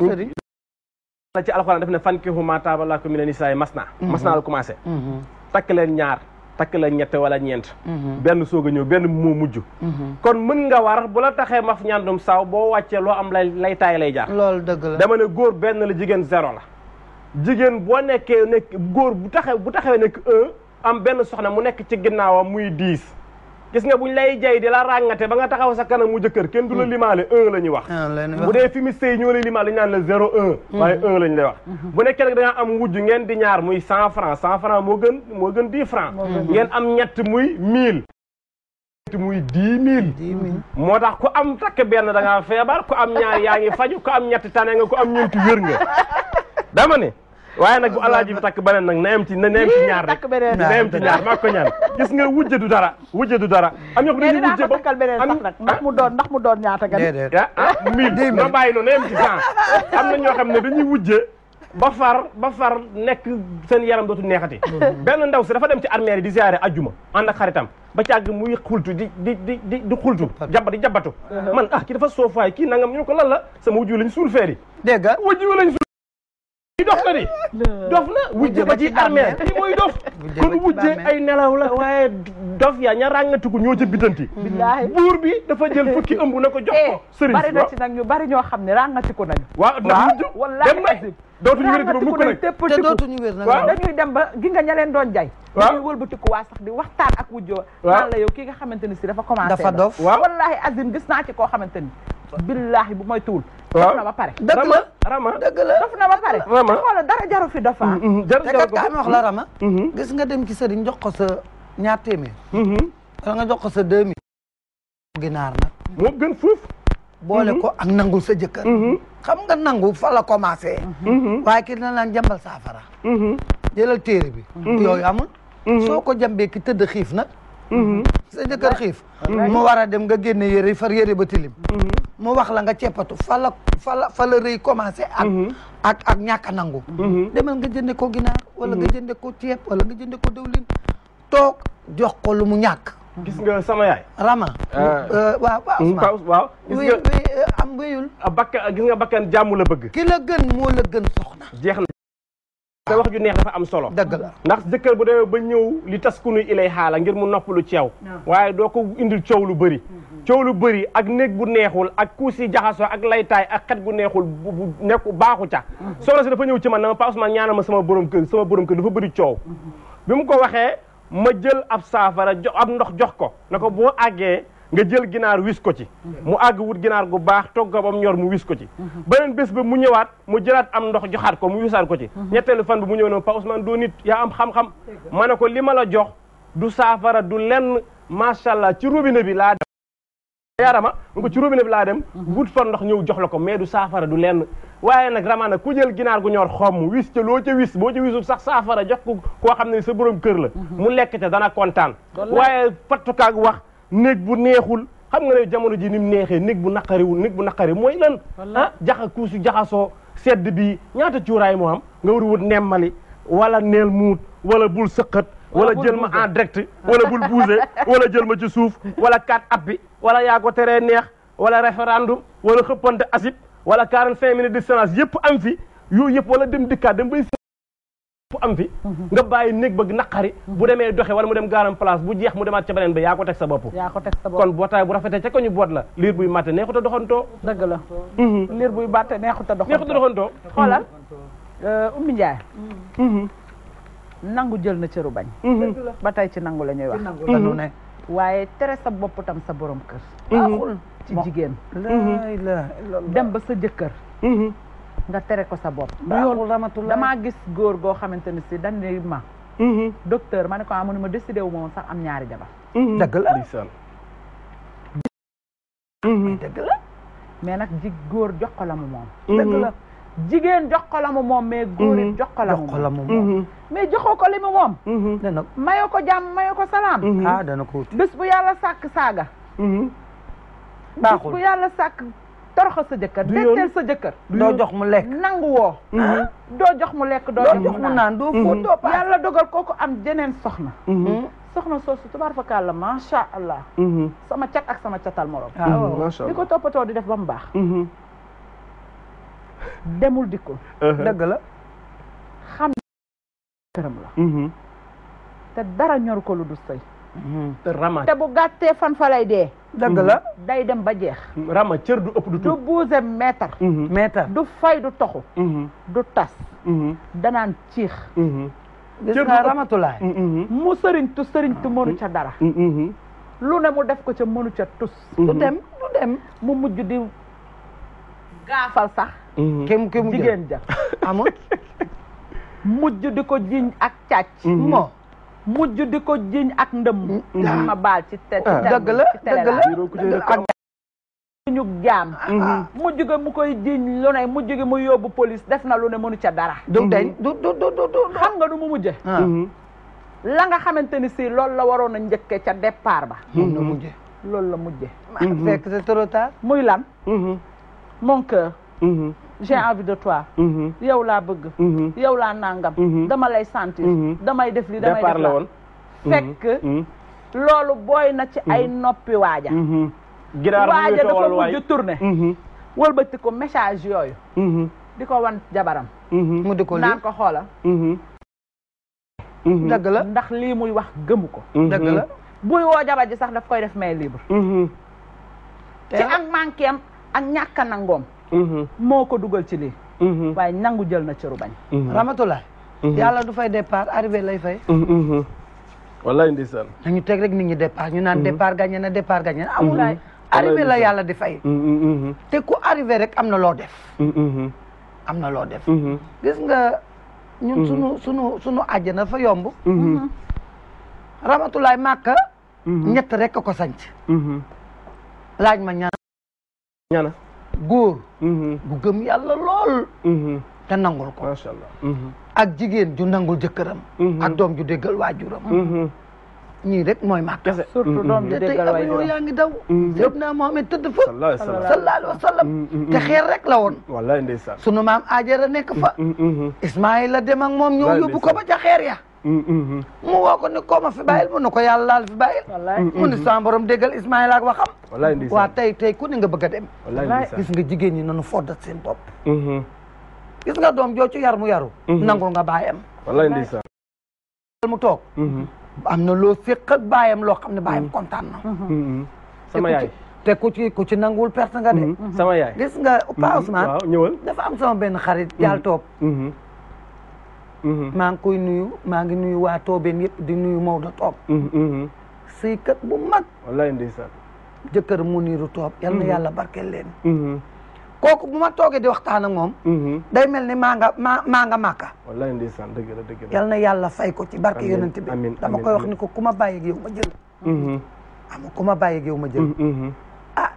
la ci alxuraan def ne fankihu maa taaba laakum mina nisaa masna mm-hmm. masna la commencé mm-hmm. takk leen ñaar takk la ñett wala ñeent benn soog a ñëw benn moo mujj kon mën nga war bu la taxee maf ñandum saaw boo wàccee loo am lay lay taay lay jaar loolu dëgg la dama ne góor benn la jigéen zéro la jigéen boo nekkee nekk góor bu taxee bu taxee nekk un am benn soxna mu nekk ci ginnaawam muy diis gis nga buñ lay jay di la ràngate ba nga taxaw sa kanam mu jëkkër kenn du la hmm. limaale un ah, la ñuy wax bu dee fumiste yi ñoo lay limaale ñu naan la zéro un hmm. waaye un lañ lay wax hmm. bu nekkee nag da nga am wujj ngeen di ñaar muy cent franc cent franc moo gën moo gën dix franc ngeen am ñett muy mille muy moo tax ku am takk benn da feebar ku am ñaar yaa ngi faju ku am ñetti tane nga ku am ñeenti wér nga <laughs> dama waaye nag bu alaaji bi takk beneen nag na yem ci na yem ci ñaar rek na yem ci ñaar gis nga wujje du dara wujje du dara am ñoo xam dañuy wujje ba takkal beneen sax nag ndax mu ah? doon ndax mu doon ñaata gan ah <laughs> mille am na ñoo xam ne dañuy wujje ba far ba far nekk seen yaram dootu neexati mhm. benn ndaw si dafa dem ci armeer yi di ziare ajjuma ànd ak xaritam ba càgg muy xultu di di di di di xultu jaba di jabatu uh-huh. man ah ki dafa soofaay kii nangam ñu ko lan la sama wujju lañ suul feer yi dégg nga wujju i dof la ni dof la wujje ba ci armeel li mooy dof kon wujje ay nelaw la waaye dof ya ña ko ñoo ci bitanti buur bi dafa jël fukki ëmb na ko jox ko eh, sëriñ bari na ci nag ñu bari ñoo xam ne ko nañu waaw nag wujj dem na dootu wér ba mukk nag te dootuñu wér nag dem ba gi nga ña leen doon jay dañuy wëlbatiku waa sax di waxtaan ak wujjoo naan la yow kii nga xamante ni si dafa commencé dafa dof wallaahi azim gis naa ci koo xamante ni billaahi bu may tuul dof na ba pare dëgg la rama dëgg la dof na ba pare rama xoolal dara jaru fi dofa mm-hmm. jaru jaru ko wax la rama mm-hmm. gis nga dem ci sëriñ jox ko sa ñaar téeméer mm-hmm. wala nga jox ko sa deux mille ginaar nag moo boole mhm. ko ak nangul sa jëkkër mhm. xam nga nangu fa la commencé mhm. waaye ki dina naan jàmbal saafara jëlal téere bi yooyu amul soo ko jambee ki tëdd xiif nag sa jëkkër xiif mu war a dem nga génne yére far yére ba tilim mu wax la nga ceppatu fa la fa la fa la commencé ak ak ak ñàkk nangu demal nga jënde ko ginaar wala nga jënde ko ceeb wala nga jënde ko dëwlin toog jox ko lu mu ñàkk gis nga sama yaay. Rama. Euh, euh, waaw waaw hmm, waaw. gis nga euh, am wéyul. bakkan gis nga bakkan jàmm la bëgg. ki la gën moo la gën soxna. jeex na. te wax ju neex dafa am solo. dëgg la ndax jëkkër bu demee ba ñëw li tas ku nuy ilay xaala ngir mu noppalu ceew. waaye doo ko indil coow lu bëri. Mm-hmm. coow lu bëri ak néeg bu neexul ak kuus yi jaxasoo ak laytaay ak xet gu neexul bu bu nekku baaxu ca. Mm-hmm. soxna si dafa ñëw ci man na ma Pa Ousmane ñaanal ma sama borom kër sama borom kër dafa bëri coow. Mm-hmm. bi mu ko waxee. ma jël ab saafara jox ab ndox jox ko na ko boo àggee nga jël ginaar wis ko ci mu àgg wut ginaar gu baax togg ko ba mu ñor mu wis ko ci mhm. beneen bés ba mu ñëwaat mu jëlaat am ndox joxaat ko mu wisaat ko ci mhm. ñetteelu fan bi mu ñëw ne Pa Ousmane doo nit yaa am xam-xam ma ne ko li ma la jox du saafara du lenn macha allah ci robine bi laa dem yaarama nga ko ci robinet bi laa dem mhm. wut fa ndox ñëw jox la ko mais du saafara du lenn waaye nag ramaana ku jël ginaar gu ñor xomm wis ca loo ca wis boo ca wisu sax saafara jox ko koo xam ne sa borom kër la mhm. mu lekk ca dana kontaan waaye fattukaag wax néeg bu neexul xam nga ne jamono ji ni mu neexee néeg bu naqari naqariwul néeg bu naqari mooy lan ah jaxa kuusu jaxasoo sedd bi ñaata cuuraay moo am nga war a wut nemmali wala neel muut wala bul sëqat wala jël ma en direct wala bul bougé <laughs> wala jël ma ci suuf wala kat ab bi wala yaa ko teree neex wala référendum wala xëppante asib wala 45 minutes distance yëpp am fi yooyu yëpp wala dem dikkaat dem bay yëpp am fi mhm. nga bàyyi néeg bëgg naqari mhm. bu demee doxe wala mu dem gaaram place bu jeex mu demaat ca beneen ba yaa ko teg sa bopp kon bootaay bu rafetee ca ko ñu boot la liir buy màtte neexut a doxantoo dëgg la mhm. liir buy màtte neexut a doxantoo xoolal euh, Oumy Ndiaye nangu jël na cëru bañ ba tey ci nangu la ñuy wax waaye tere sa bopp tam sa boroom kër jigéen mhm. la ba sa jëkkër mhm. nga tere ko sa bopp yoolu damaa gis góor goo xamante ne si dañ ne ma mhm. docteur ma ne ko amu ah, ne ma décidé wu moom sax am ñaari jabar dëgg la mais nag ji góor jox ko la mu moom dëgg jigéen jox ko la mu moom mais góor it la mu moom mais joxoo ko li mu moom dana salaam ah dana ko wuti bés sàkk saaga baaxul ku yàlla sàkk toroxa sa jëkkër detteel sa jëkkër doo jox mu lekk nangu woo mm-hmm. doo jox mu lekk doo jox mu naan doo fóot doo mm-hmm. paas yàlla dogal kooku am jeneen soxna mm-hmm. soxna soo tubaar fa kàlla macha allah sama cat ak sama catal morom li ah, oh. ko toppatoo di def ba mu baax demul dikkul uh-huh. dëgg la xam dara ñor ko lu bu gàttee fan fa lay dee dëgg mhm. la day dem ba jeex. rama cër du ëpp du. du buuse mètre. Mhm. mètre du fay du toxu. Mhm. du tas. danaan ciix. gis nga ramatulaay. mu sëriñtu mënu ca dara. lu ne mu def ko ca mënu ca tus. du dem mu mujj di gaafal sax. kéem <laughs> mujj di ko jiñ ak càcc. mo mujj di ko jiñ ak ndëm. Mm, mm, ma baal ci te ci ah. dëgg la dëgg la ak ñu jaam mm-hmm. ah. mujj gi mu koy jiñ lu ne mujj gi mu yóbbu police def na lu ne mënu ca dara du mm-hmm. deñ du du du xam nga du mu mujje ah. mm-hmm. la nga xamante ni si loolu la waroon a njëkke ca depaar ba moom la mujje loolu la mujje fekk c'est trop tard muy lan mon j'ai hmm. envie de toi. Hmm. yow laa bëgg. Hmm. yow laa nangam. dama lay sentir. damay def li damay def la fekk loolu booy na ci ay noppi waaja. giraar waaja dafa mujj tourné. yooyu. di ko wan jabaram. mu di ko lii naan la ndax lii muy wax gëmu ko. dëgg la buy woo jabar ji sax daf koy def may libre. ci ak manqué ak ñàkk a nangoom. Mm-hmm. moo ko dugal ci lii mm-hmm. waaye nangu jël na cëru bañ mm-hmm. ramatulaay yàlla du fay départ arrivé lay fay wallaay ndeysaan nañu teg rek nit ñi départ ñu naan départ gagné na départ gagné na amulaay yàlla di fay te ku arrivé rek am na loo def am na loo def gis nga ñun sunu sunu sunu àjjana fa yomb ramatulaay màkka ñett rek ko sanc laaj ma ñana góor mm-hmm. gu gëm yàlla lool mm-hmm. te nangul ko mm-hmm. ak jigéen ju nangul jëkkëram ak doom ju déggal waajuram ñii rek mooy màgg surtout doom ju déggal waajuram te tey yaa ngi daw Seydina Mohamed tëdd fa sallallahu alayhi wa sallam te xeer rek la woon wallaay ndeysaan sunu maam Ajara nekk fa dem ak moom ko ba ca xeer ya mu woo ko ne koo ma fi bàyyil mun na ko yàlla laal fi bàyyil mu ne sama borom déggal Ismaïla ak waxam waa tey tey ku ne nga bëgg a dem gis nga jigéen ñi nanu foddat seen bopp mm-hmm. gis nga doom joo ci yar mu yaru mm-hmm. nangul nga baayam wallaay ndeysaan mu toog mm-hmm. am na loo séq ak bàyyam loo xam ne bàyyam kontaan na sama yaay te ku ci ku ci nanguwul perte nga de sama yaay gis nga Pa Ousmane dafa am sama benn xarit jaal toog Mm-hmm. maa ngi koy nuyu maa ngi nuyu waa toobeen yëpp di nuyu Maodo Toob mm-hmm, mm-hmm. sëykat bu mag wallaay ndeysaan jëkkër mu niiru toob yal na yàlla barkeel leen kooku bu ma toogee di waxtaan ak moom day mel ni maa nga maa maa nga màkka wallaay ndeysaan dëgg la dëgg la na yàlla say ko ci barke yonent bi dama koy wax ni ko ku ma bàyyi ak yow ma jël ama ku ma bàyyi ak ma jël ah,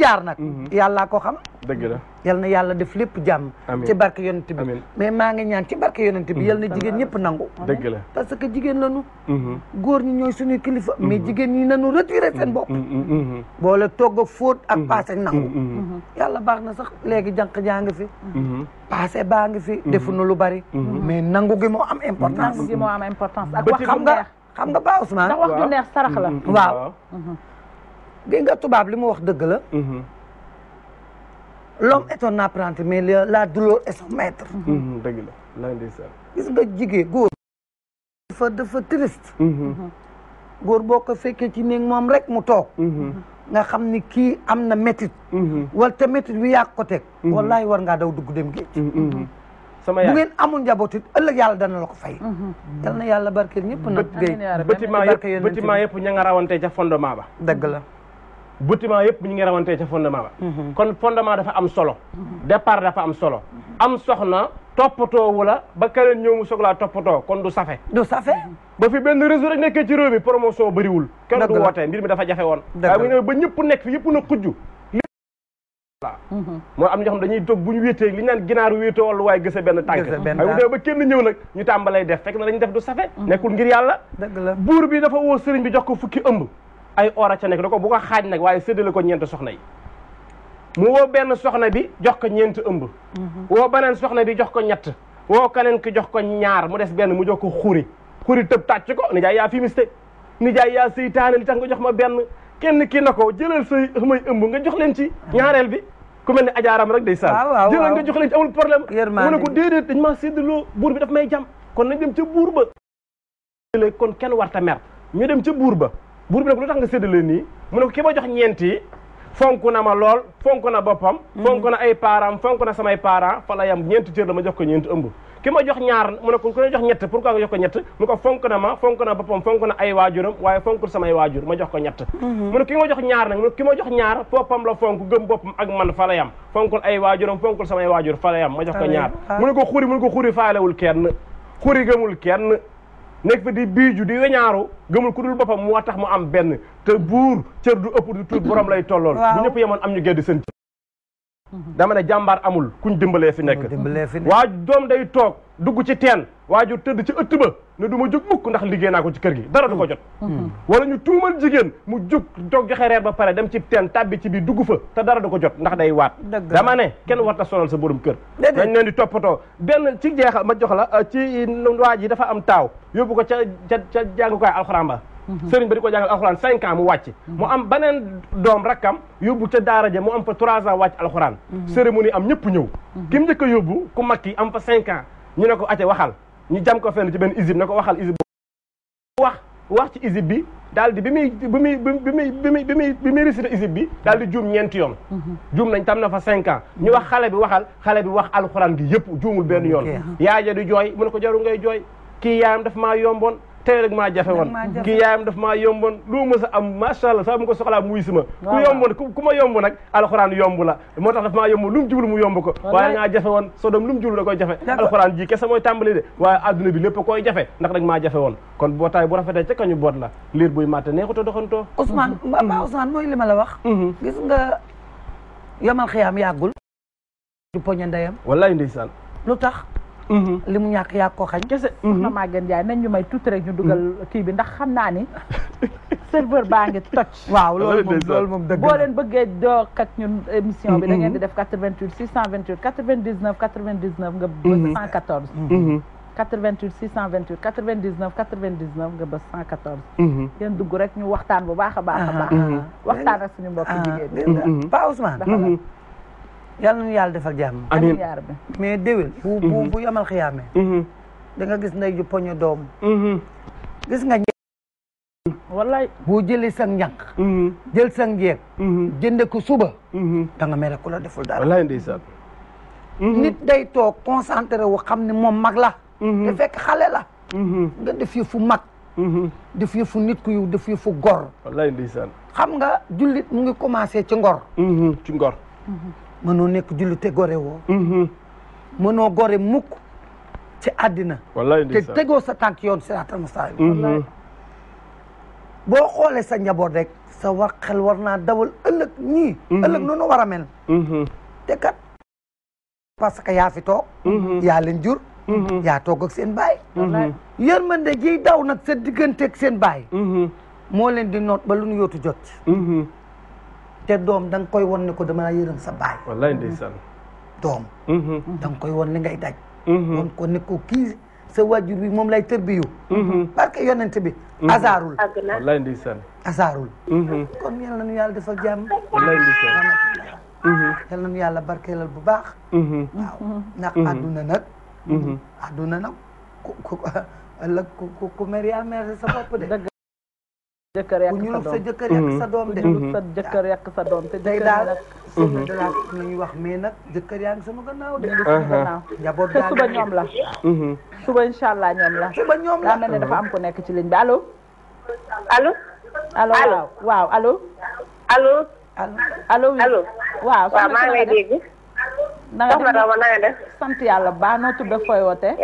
jaar nag mhm. yàllaa ko xam dëgg la yal na yàlla def lépp jàmm ci barke yonent bi mais maa ngi ñaan ci barke yonent bi yal na mhm. jigéen ñëpp nangu dëgg la parce que jigéen lañu mhm. góor ñi ñooy suñuy kilifa mais jigéen ñi nañu retiré seen bopp boole togg ak fóot ak paase nangu yàlla baax na sax léegi jànq jaa ngi fi paase baa ngi fi defuñu lu bari mais nangu gi am importance nangu gi moo am importance ak wax xam nga xam nga ba Ousmane ndax wax neex sarax la gis nga tubaab li mu wax dëgg la. Mm-hmm. l'homme est un apprenti la douleur est son maître. Mm-hmm, dëgg gis nga jigéen mm-hmm. góor. boo ko fekkee ci néeg moom rek mu toog. nga xam ni kii am na metit wala te métit bi yàq ko teg. wallahi war nga daw dugg dem géej. sama yaay bu ngeen amul njaboot it ëllëg yàlla dana la ko fay. yal na yàlla barkeel ñëpp nag. amiin yaa rabi amiin bâtiment yëpp ña nga ba. dëgg la. bâtiment yëpp ñu ngi rawantee ca fondement ba mhm. kon fondement dafa am solo mhm. départ dafa am solo am soxna toppatoo wu la ba keneen ñëw mu soog laa toppatoo kon du safe du safe mhm. ba fi benn réseau rek nekkee ci réew mi promotion bëriwul kenn du wootee mbir mi dafa jafe woon waaye bu ñu ba ñëpp nekk fi yëpp na xujju voilà mooy am ñoo xam dañuy toog bu ñu wéetee li ñu naan ginaaru wéetoo wala waaye gëse benn tànk waaye bu ba kenn ñëw nag ñu tàmbalay def fekk na dañuy def du safe nekkul ngir yàlla buur bi dafa woo sëriñ bi jox ko fukki ëmb ay or a ca nekk da ko bu ko xaaj nag waaye séddale ko ñeent soxna yi mu woo benn soxna bi jox ko ñeent ëmb mhm. woo beneen soxna bi jox ko ñett woo keneen ki jox ko ñaar mu des benn mu jox ko xuri xuri tëb tàcc ko nijaay yaa fi mistake nijaay yaa seytaane li tax nga jox ma benn kenn ki na jëlal say may ëmb nga jox leen ci mhm. ñaareel bi ku mel ne ajaaram rek day saan jëlal nga jox leen ci amul problème mu ne ko déedéet dañ maa séddaloo buur bi daf may jam kon nañ dem ca buur ba kon kenn warta mer ñu dem ca buur ba buur bi nag lu tax nga séddalee nii mu ne ko ki ma jox ñeenti fonk na ma lool fonk na boppam mhm. fonk na ay parents fonk na samay parents fa yam ñeenti cër la ma jox ko ñeenti ëmb ki ma jox ñaar mu ne ko jox ñett pourquoi jox ko ñett ko fonk na ma fonk na boppam fonk ay waajuram waaye fonkul samay waajur ma jox ko ñett mhm. mu ne ki ma jox ñaar nag mu ki ma jox ñaar boppam la fonk gëm boppam ak man fa la yam fonkul ay waajuram fonkul samay waajur fa la yam ma jox ko ñaar mu ne ko xuri mu ne ko xuri faalewul kenn xuri gëmul kenn nekk fi di biiju di weñaaru gëmul ku dul boppam moo tax mu am benn te buur cër du ëpp du tuut borom lay tollool bu ñëpp yemoon am ñu gedd seen cër mhm. dama ne jàmbaar amul ku ñu dimbalee fi nekk waa doom day toog dugg ci teen waajur tëdd ci ëtt ba ne du ma jóg mukk ndax liggéey ko ci kër gi dara du ko jot mm-hmm. Mm-hmm. wala ñu tuumal jigéen mu jóg toog joxe reer ba pare dem ci teen tàbbi ci biir dugg fa te dara du ko jot ndax day waat dama ne kenn warta sonol sa borom kër dañ leen di toppatoo benn ci jeexal ma jox la ci waaj yi dafa am taaw yóbbu ko ca ca ca jàngukaay alxuraan ba mm-hmm. sëriñ ba di ko jàngal alxuraan cinq ans mu wàcc mu am beneen doom rakkam yóbbu ca daara ja mu am fa trois an wàcc alxuraan cérémonie am ñëpp ñëw kim yóbbu ku mag ki am fa cinq ñu ne ko ace waxal ñu jam ko fenn ci benn isib na ko waxal isib wax wax ci isib bi daal di bi muy bi muy bi muy bi muy bi muy bi muy bi daal di juum ñeenti yoon mhm. juum nañ tam na fa cinq ans ñu wax xale bi waxal xale bi wax alxuraan gi yëpp juumul benn yoon mhm. yaay ja jooy mu ne ko jaru ngay jooy kii yaayam def ma yomboon te rek maa jafe woon kii yaayam daf maa yomboon lu ma sa am macha allah saa mu ko soxla muy si ma ku yomb nag ku ma yomb nag alxuraan yomb la moo tax daf maa yomb lu mu jublu mu yomb ko waaye ngaa jafe woon soo dem lu mu jublu da koy jafe alxuraan ji kese mooy tàmbali de bi lépp koy jafe ndax maa jafe woon kon bootaay bu rafetee ca kañu boot la liir buy màtte neexuta doxantoo Ousmane mbaa mhm. Ousmane mooy li ma la wax mhm. gis nga yomal xiyaam yàggul du poñe ndeyam wallaay ndeysaan lu Mm-hmm. li mu ñàkk yàgg ko xañ kese na maa gën jaay nañ ñu may tuuti rek ñu dugal mm-hmm. kii bi ndax xam naa ni <laughs> serveur baa ngi toj waaw loolu moom loolu moom dëgg boo leen bëggee dook ak ñun émission bi da ngeen di mm-hmm. def 88 628 99 99 nga ba 114 88 628 99 99 nga ba 114. yéen dugg rek ñu waxtaan bu baax a baax a baax. waxtaan ak suñu mbokku ah. jigéen ñi. Pa Ousmane. yàlla nañu yàlla defal jàmm. amiin mais déwén. bu bu mm-hmm. bu yamal xiyaamee. Mm-hmm. da nga gis nday ju poñu doom. Mm-hmm. gis nga. wallaay boo jëlee sa njànq. jël sa njeeg. jënde ko suba. da nga mere ku la deful dara. wallaay ndeysaan. nit day toog concentré wu xam ne moom mag la. te fekk la. nga mag. def yëfu nit ku yiw def yëfu gor. wallaay ndeysaan. xam nga jullit mu ngi commencé ci ngor. ci ngor. mënoo nekk jullit te gore woo mhm. mënoo gore mukk ci àddina te tegoo sa tànk yoon siraatal mustaqim mhm. boo xoolee sa njaboot rek sa war xel war naa dawal ëllëg ñii mhm. ëllëg noonu war a mel te kat parce que yaa fi toog yaa leen jur yaa toog ak seen ji yërmande daw nag sa digganteeg seen baay moo leen di noot ba yootu jot te doom da nga koy won ne ko dama la yërëm doom. da nga koy won li ngay daj. won ko ne ko kii sa waajur bi moom lay tërbiyu. parce que yonent bi. asaarul. wallaay ndeysaan. asaarul. kon yal na nu yàlla defal jàmm. wallaay ndeysaan. yal na nu yàlla barkeelal bu baax. waaw ndax àdduna nag. àdduna nag ku ku ku ku mer yaa sa bopp de. jëkkër yàq sa doom sa jëkkër yàq sa doom de. Mm-hmm. sa jëkkër yàq sa doom te day daal. suñu daal ñuy wax mais nag jëkkër yaa ngi sama gannaaw de. Uh-huh. njaboot daal suba ñoom la. Mm-hmm. suba incha allah ñoom la. suba ñoom la daa mel ne dafa am ku nekk ci ligne bi allo. allo. allo waaw waaw allo. allo. allo allo. waaw waaw maa ngi lay dégg. na nga def soxna Rama na nga def. sant yàlla ba noo tudd fooy wootee.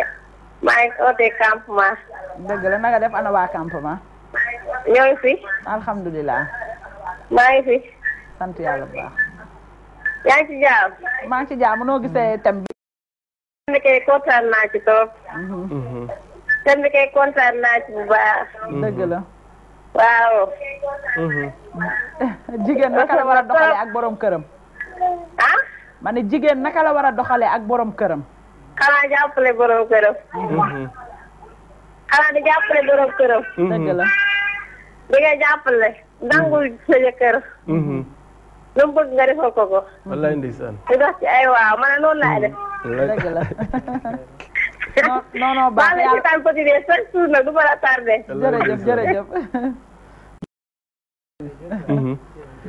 maa ngi wootee campement. dëgg la na nga def ana waa campement. ñoo fi. alhamdulilah. maa ngi fi. sant yàlla bu baax. yaa ci jaam. maa ngi ci jaam noo gisee thème bi. thème kay kontaan naa ci trop. Mhm. Mhm. thème bi kay kontaan naa ci bu baax. Mhm. dëgg la. waaw. jigéen naka la war a doxalee ak borom këram. ah. ma ne jigéen naka la war a doxalee ak boroom këram. xanaa jàppale borom këram. xanaa di jàppale borom këram. dëgg la. di nga jàppale. dangul sa jëkkër. lu mu bëgg nga defal ko ko. wallaay ndeysaan. di dox ci ay waaw man a noonu laay def. dëgg la. non non baax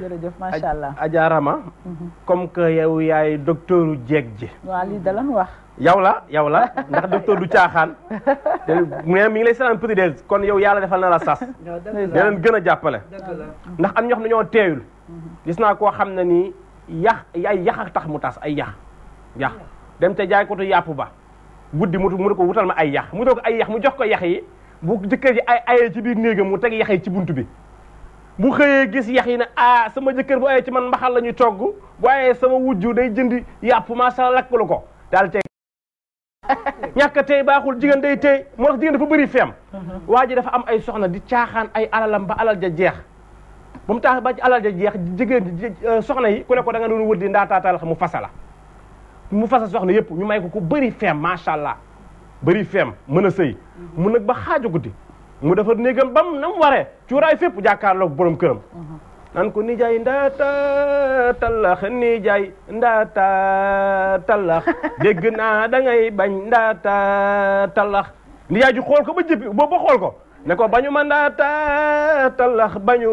jërëjëf macha allah ajaarama mhm. comme que yow yaay docteuru jeeg ji. waaw lii yow la yow la ndax docteur du caaxaan te mais mi ngi lay seetaan petit déj kon yow yàlla defal na la sas. <laughs> dinañ gën a jàppale. ndax am na ñoo xam teeyul. Mhm. gis naa koo xam ne ni yax ay yax tax mu tas ay yax yax dem te jaay ko tu yàpp ba guddi mu mu ko wutal ma ay yax mu doog ay yax mu jox ko yax yi bu jëkkër ji ay ayee ci biir néegam mu teg yaxe yi ci bunt bi. bu xëyee gis yax yi ne ah sama jëkkër bu ayee ci man mbaxal la ñuy togg bu sama wujju day jëndi yàpp macha allah lakkalu ko daal tey <laughs> tey baaxul jigéen day tey moo tax jigéen dafa uh-huh. waa ji dafa ay soxna di caaxaan ay alalam ba alal ja jeex ba mu tax ba ci alal ja jeex jigéen euh, soxna yi ku ne ko da nga doon wër di ndaataataal mu fasa mu fasa soxna yëpp ñu may ko ku bari feem macha allah bari feem mën a sëy uh-huh. mu nag ba xaaju guddi mu defar néegam bam na mu waree cuuraay fépp jàkkaarloog borom këram. Uh-huh. naan ko nijaay ndaata tallax nijaay ndaata tallax <laughs> dégg naa da ngay bañ ndaata tallax nijaay xool ko ba jëppi boobu xool ko ne ko bañu ma ndaata tallax bañu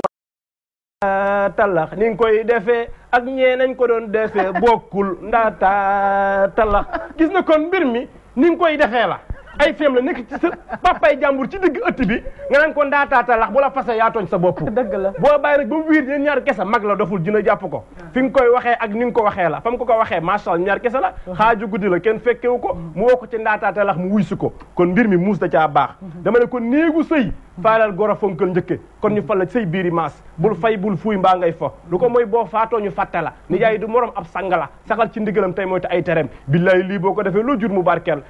tallax ni nga koy defee ak ñee nañ ko doon defee bokkul ndaata tallax gis na kon mbir mi ni koy defee la ay feem la nekk ci sa papay jàmbur ci digg ëtt bi nga naan ko ndaataata lax bu la fase yaa tooñ sa bopp dëgg la boo bàyyi rek ba mu wiir ñeen ñaar kese mag la doful dina jàpp ko fi nga koy waxee ak ni nga ko waxee la fam ko ko waxee macha allah ñaar kese la xaaju guddi la kenn fekkewu ko mu woo ko ci ndaataata lax mu wuy si ko kon mbir mi muus da caa baax dama ne kon néegu sëy faalal gor a fonkal njëkke kon ñu fal la sëy biiri maas bul fay bul fuuy mbaa ngay fa lu ko mooy boo faatoo ñu fàtte la nijaay du morom ab sang la saxal ci ndigalam tey mooy te ay terem lii boo ko defee jur mu barkeel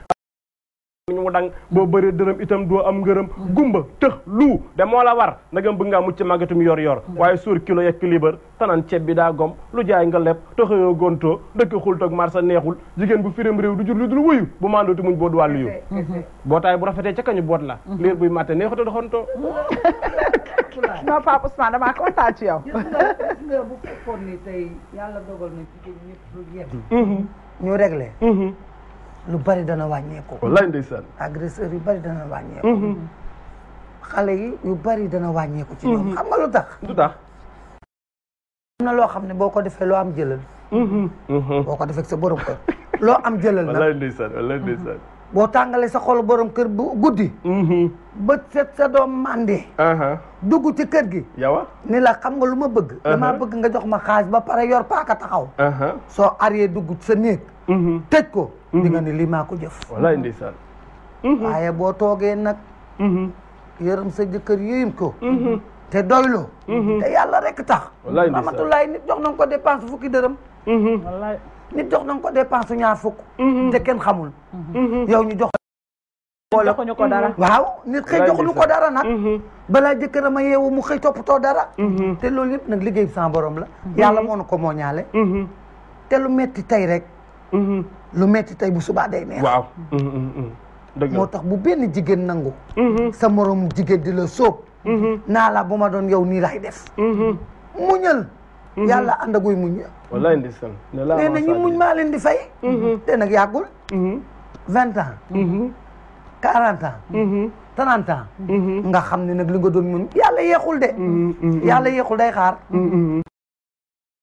ñu mu boo doo bëri dërëm itam doo am ngërëm gumba tëx lu de moo la war nagam bëgg ngaa mucc màggatum yor yor waaye suur kilo yekk libar tanan ceeb bi daa gom lu jaay nga leb toxeyoo gonto dëkk xul toog marsa neexul jigéen bu firam réew du jur lu dul wuyu bu mandootu muñ boo duwàllu yu bootaay bu rafetee ca kañu boot la liir buy màtte neexuta doxantoo non Pape Ousmane damaa kontaan ci yow bu fekkoon ni lu bari dana wàññeeku. wallaay ndeysaan. agresseur yu bari dana wàññeeku. Mm-hmm. xale yi yu bari dana wàññeeku. ci ñoom mm-hmm. xam nga tax. lu tax. na loo xam ne boo ko defee loo am jëlal. Mm-hmm. boo ko defee sa borom kër loo am jëlal <laughs> nag. boo tàngalee sa xol borom kër bu guddi. Mm-hmm. ba set sa doom màndi. Uh-huh. dugg ci kër gi. yow ni la xam nga lu ma bëgg. Uh-huh. damaa bëgg nga jox ma xaalis ba pare yor paaka taxaw. Uh-huh. soo aree dugg sa néeg. Mm-hmm. tëj ko. Mm-hmm. di nga ni lii maa ko jëf. walaay ndeysaan. waaye boo toogee nag. yërëm sa jëkkër yéyim ko. te doyloo. te yàlla rek tax. walaay ndeysaan Ramatulaay nit jox nañ ko dépense fukki dërëm. walaay. nit jox ko dépense ñaar fukk. Mhm. te kenn mhm. yow ñu jox joxuñu ko dara waaw nit xëy joxuñu ko dara nag. Mhm. balaa jëkkër ma yeewu mu xëy toppatoo dara. te loolu yëpp nag liggéey sans la. yàlla moo ko moo ñaale. te lu metti tey rek. lu metti tey bu subaa day neex. waaw. moo tax bu benn jigéen nangu. sa moromu jigéen di la sóob. naa la bu ma doon yow nii lay def. muñal. Mhm. yàlla ànd aguy muñ. wallaay ndeysaan ne la nee na ñi muñ maa leen di fay. te mhm. nag yàggul. Mhm. vingt ans. quarante ans. nga xam ne nag li nga doon muñ yàlla yeexul de. yàlla yeexul day xaar.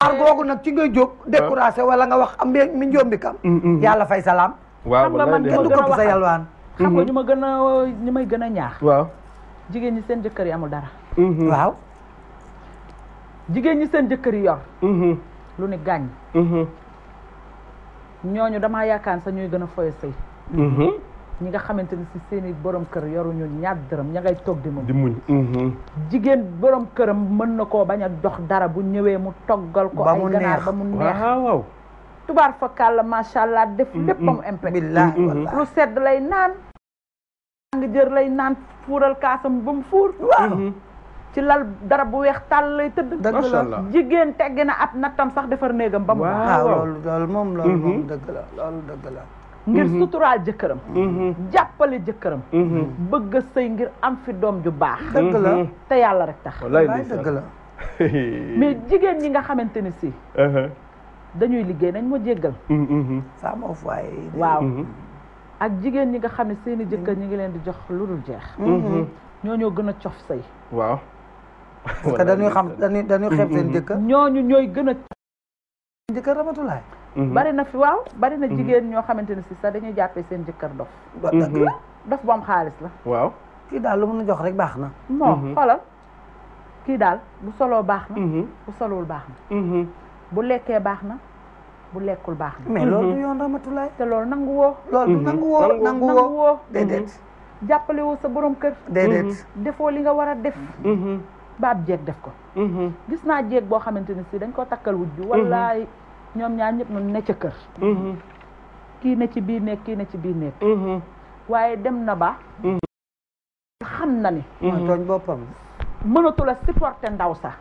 xaar googu nag ci ngay jóg. Ah. découragé wala nga wax am mi njombi kam. yàlla fay salaam. waaw xam sa yalwaan. xam nga ñu ma gën a ñu may gën a ñaax. waaw jigéen ñi seen jëkkër yi amul dara. waaw. jigéen ñi seen jëkkër yi yor mm-hmm. lu ni gàññ mm-hmm. ñooñu damaa yaakaar sax ñooy gën a foye sëy mm-hmm. ñi nga xamante ni si seen borom kër yoruñu ñaar dërëm ña ngay toog di muñ di muñ jigéen borom këram mën na ko bañ a jox dara bu ñëwee mu toggal ko ay ganaar ba mu neex tubaar fa kàlla macha allah def léppam impec lu sedd lay naan nga jër lay naan fuural kaasam ba fuur waaw ci lal dara bu weex tàll lay tëdd. macha allah jigéen tegg na at nattam sax defar néegam ba mu. waaw loolu loolu moom loolu mm-hmm. moom dëgg la loolu dëgg la. ngir mm-hmm. suturaal jëkkëram. Mm-hmm. jàppale jëkkëram. bëgg a sëy ngir am fi doom ju baax. dëgg te yàlla rek tax. wallaay dëgg la. <laughs> jigéen ñi nga xamante ni si. Uh-huh. dañuy liggéey nañ ma jéggal. jigéen ñi nga xam ne seen jëkkër ñi ngi leen di jox lu dul jeex. ñoo ñoo gën a cof sëy parce que dañuy xam dañuy dañuy xeeb seen mm-hmm. jëkkër. ñooñu ñooy gën a. jëkkër ramatulaay. Mm-hmm. bari na fi waaw bari na mm-hmm. jigéen ñoo xamante ne si sax dañuy jàppee seen jëkkër dof. dof bu am xaalis la. waaw kii daal lu mun a jox rek baax na. non xoolal kii daal bu solo baax na. bu solul baax na. bu lekkee baax na. bu lekkul baax na. mais loolu du yoon ramatulaay. te loolu nangu woo. loolu du nangu woo nangu woo déedéet. sa borom kër. déedéet defoo li nga war a def. baab jeeg def ko mm-hmm. gis naa jeeg boo xamante ne si dañ ko takkal wujju mm-hmm. wallaay ñoom ñaar ñëpp na ne ca kër mm-hmm. kii ne ci biir néeg kii ne ci biir néeg waaye dem na ba xam na ni mooy tooñ boppam mënatul a ndaw sa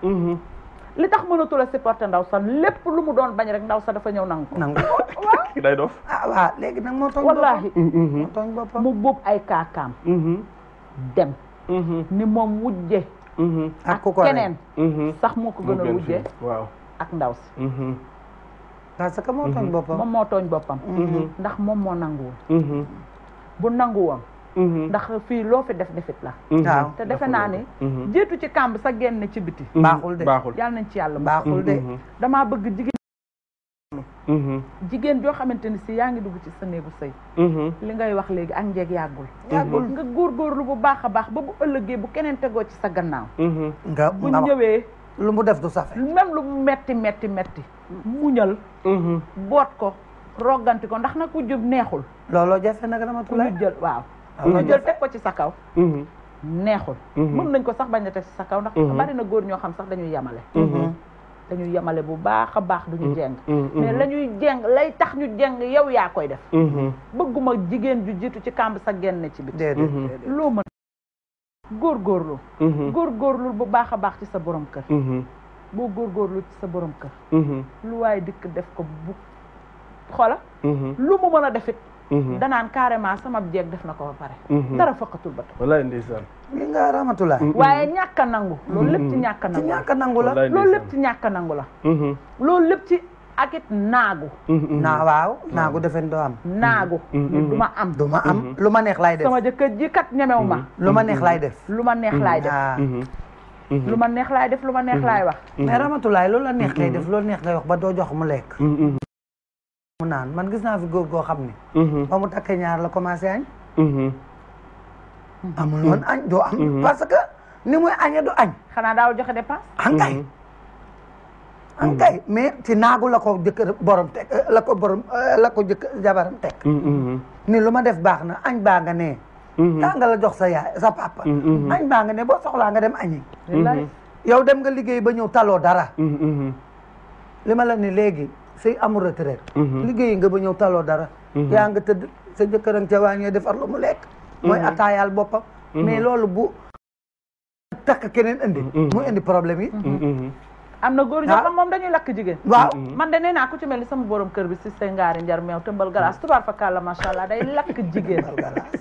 li tax mënatul a ndaw sa lépp lu mu doon bañ rek ndaw sa dafa ñëw nangu ko <laughs> ah, léegi nag moo tooñ wallaahi ay kaakaam dem ni moom wujje Mm-hmm. ak ku ko keneen mm-hmm. sax moo ko gën a wujjee waaw ak ndaw si mm-hmm. parce que moo tooñ boppam moom moo tooñ boppam ndax moom moo nanguwul bu nanguwoon ndax fii loo fi def defit la waaw te defe naa ne jiitu ci kàmb sa génn ci biti baaxul de baaxul yàlla nañ ci yàlla baaxul de damaa bëgg jigéen Mm-hmm. jigéen joo xamante ni si yaa ngi dugg ci sa néegu sëy mm-hmm. li ngay wax léegi ak njeeg yàggul góor góor lu bu baax a baax ba bu ëllëgee bu keneen tegoo ci sa gannaaw mm-hmm. nga bu ñëwee lu mu def du safe même lu mu metti metti metti muñal boot ko roganti ko ndax nag ku jub neexul looloo jafe nag Ramatoulaye ku jël waaw ah, ku jël teg ko ci sa kaw neexul mën nañ ko sax bañ a teg ci sa kaw ndax bari na góor ñoo xam sax dañuy yamale dañuy yemale bu baax a baax duñu mm-hmm. jeng mm-hmm. mais la jeng lay tax ñu jeng yow yaa koy def mm-hmm. bëgguma jigéen ju jiitu ci kàmb sa genn ci bi loo mën góorgóorlu góorgóorlu bu baax a baax ci sa borom kër boo góor góorgóorlu ci sa borom kër lu waaye dikk def ko bu xoola lu mu mën a defit Mm-hmm. danaan carrément sama jeeg def na ko ba pare mm-hmm. dara faqatul ba wallaay ndeysaan li nga ramatulaay mm-hmm. waaye ñàkk a nangu loolu lépp a nangu ci ñàkk la loolu lépp ci ñàkk a nangu la loolu lépp ci ak it naagu naa waaw naagu defen doo am naagu du ma am du am lu ma neex laay def sama jëkkër ji kat ñemew ma lu ma neex laay def lu ma neex laay def lu ma neex laay def lu ma neex wax mais ramatulaay loolu la neex ngay def loolu neex wax ba doo jox mu lekk mu naan man gis naa fi góor goo xam ne. Mhm. ba mu takkee ñaar la commencé añ. Mhm. amul woon añ doo am. Mhm. parce que ni muy añee du añ. xanaa daaw joxe dépense. ankay ankay mais ci naagu la ko jëkkër borom teg euh, la ko borom euh, la ko jëkkër jabaram teg. ni lu ma def baax na añ baa nga nee. daa nga la jox sa yaay sa papa. añ baa nga ne boo soxlaa dem añi. yow dem nga liggéey ba ñëw taloo dara. li ma la ni léegi. say amul retraite mhm. liggéeyi nga ba ñëw taloo dara mhm. yaa nga tëdd sa jëkkër ak ca waañee defar lu mu lekk mhm. mooy ataayaal boppam mais loolu bu takk keneen indi mu indi problème yi am na góor ñoo xam ah. moom dañuy lakk jigéen waaw man de nee naa ku ci mel ni sama borom kër bi si sengaari njar meew tëmbal galaas tubaar fa kàlla macha allah day lakk <laughs> jigéen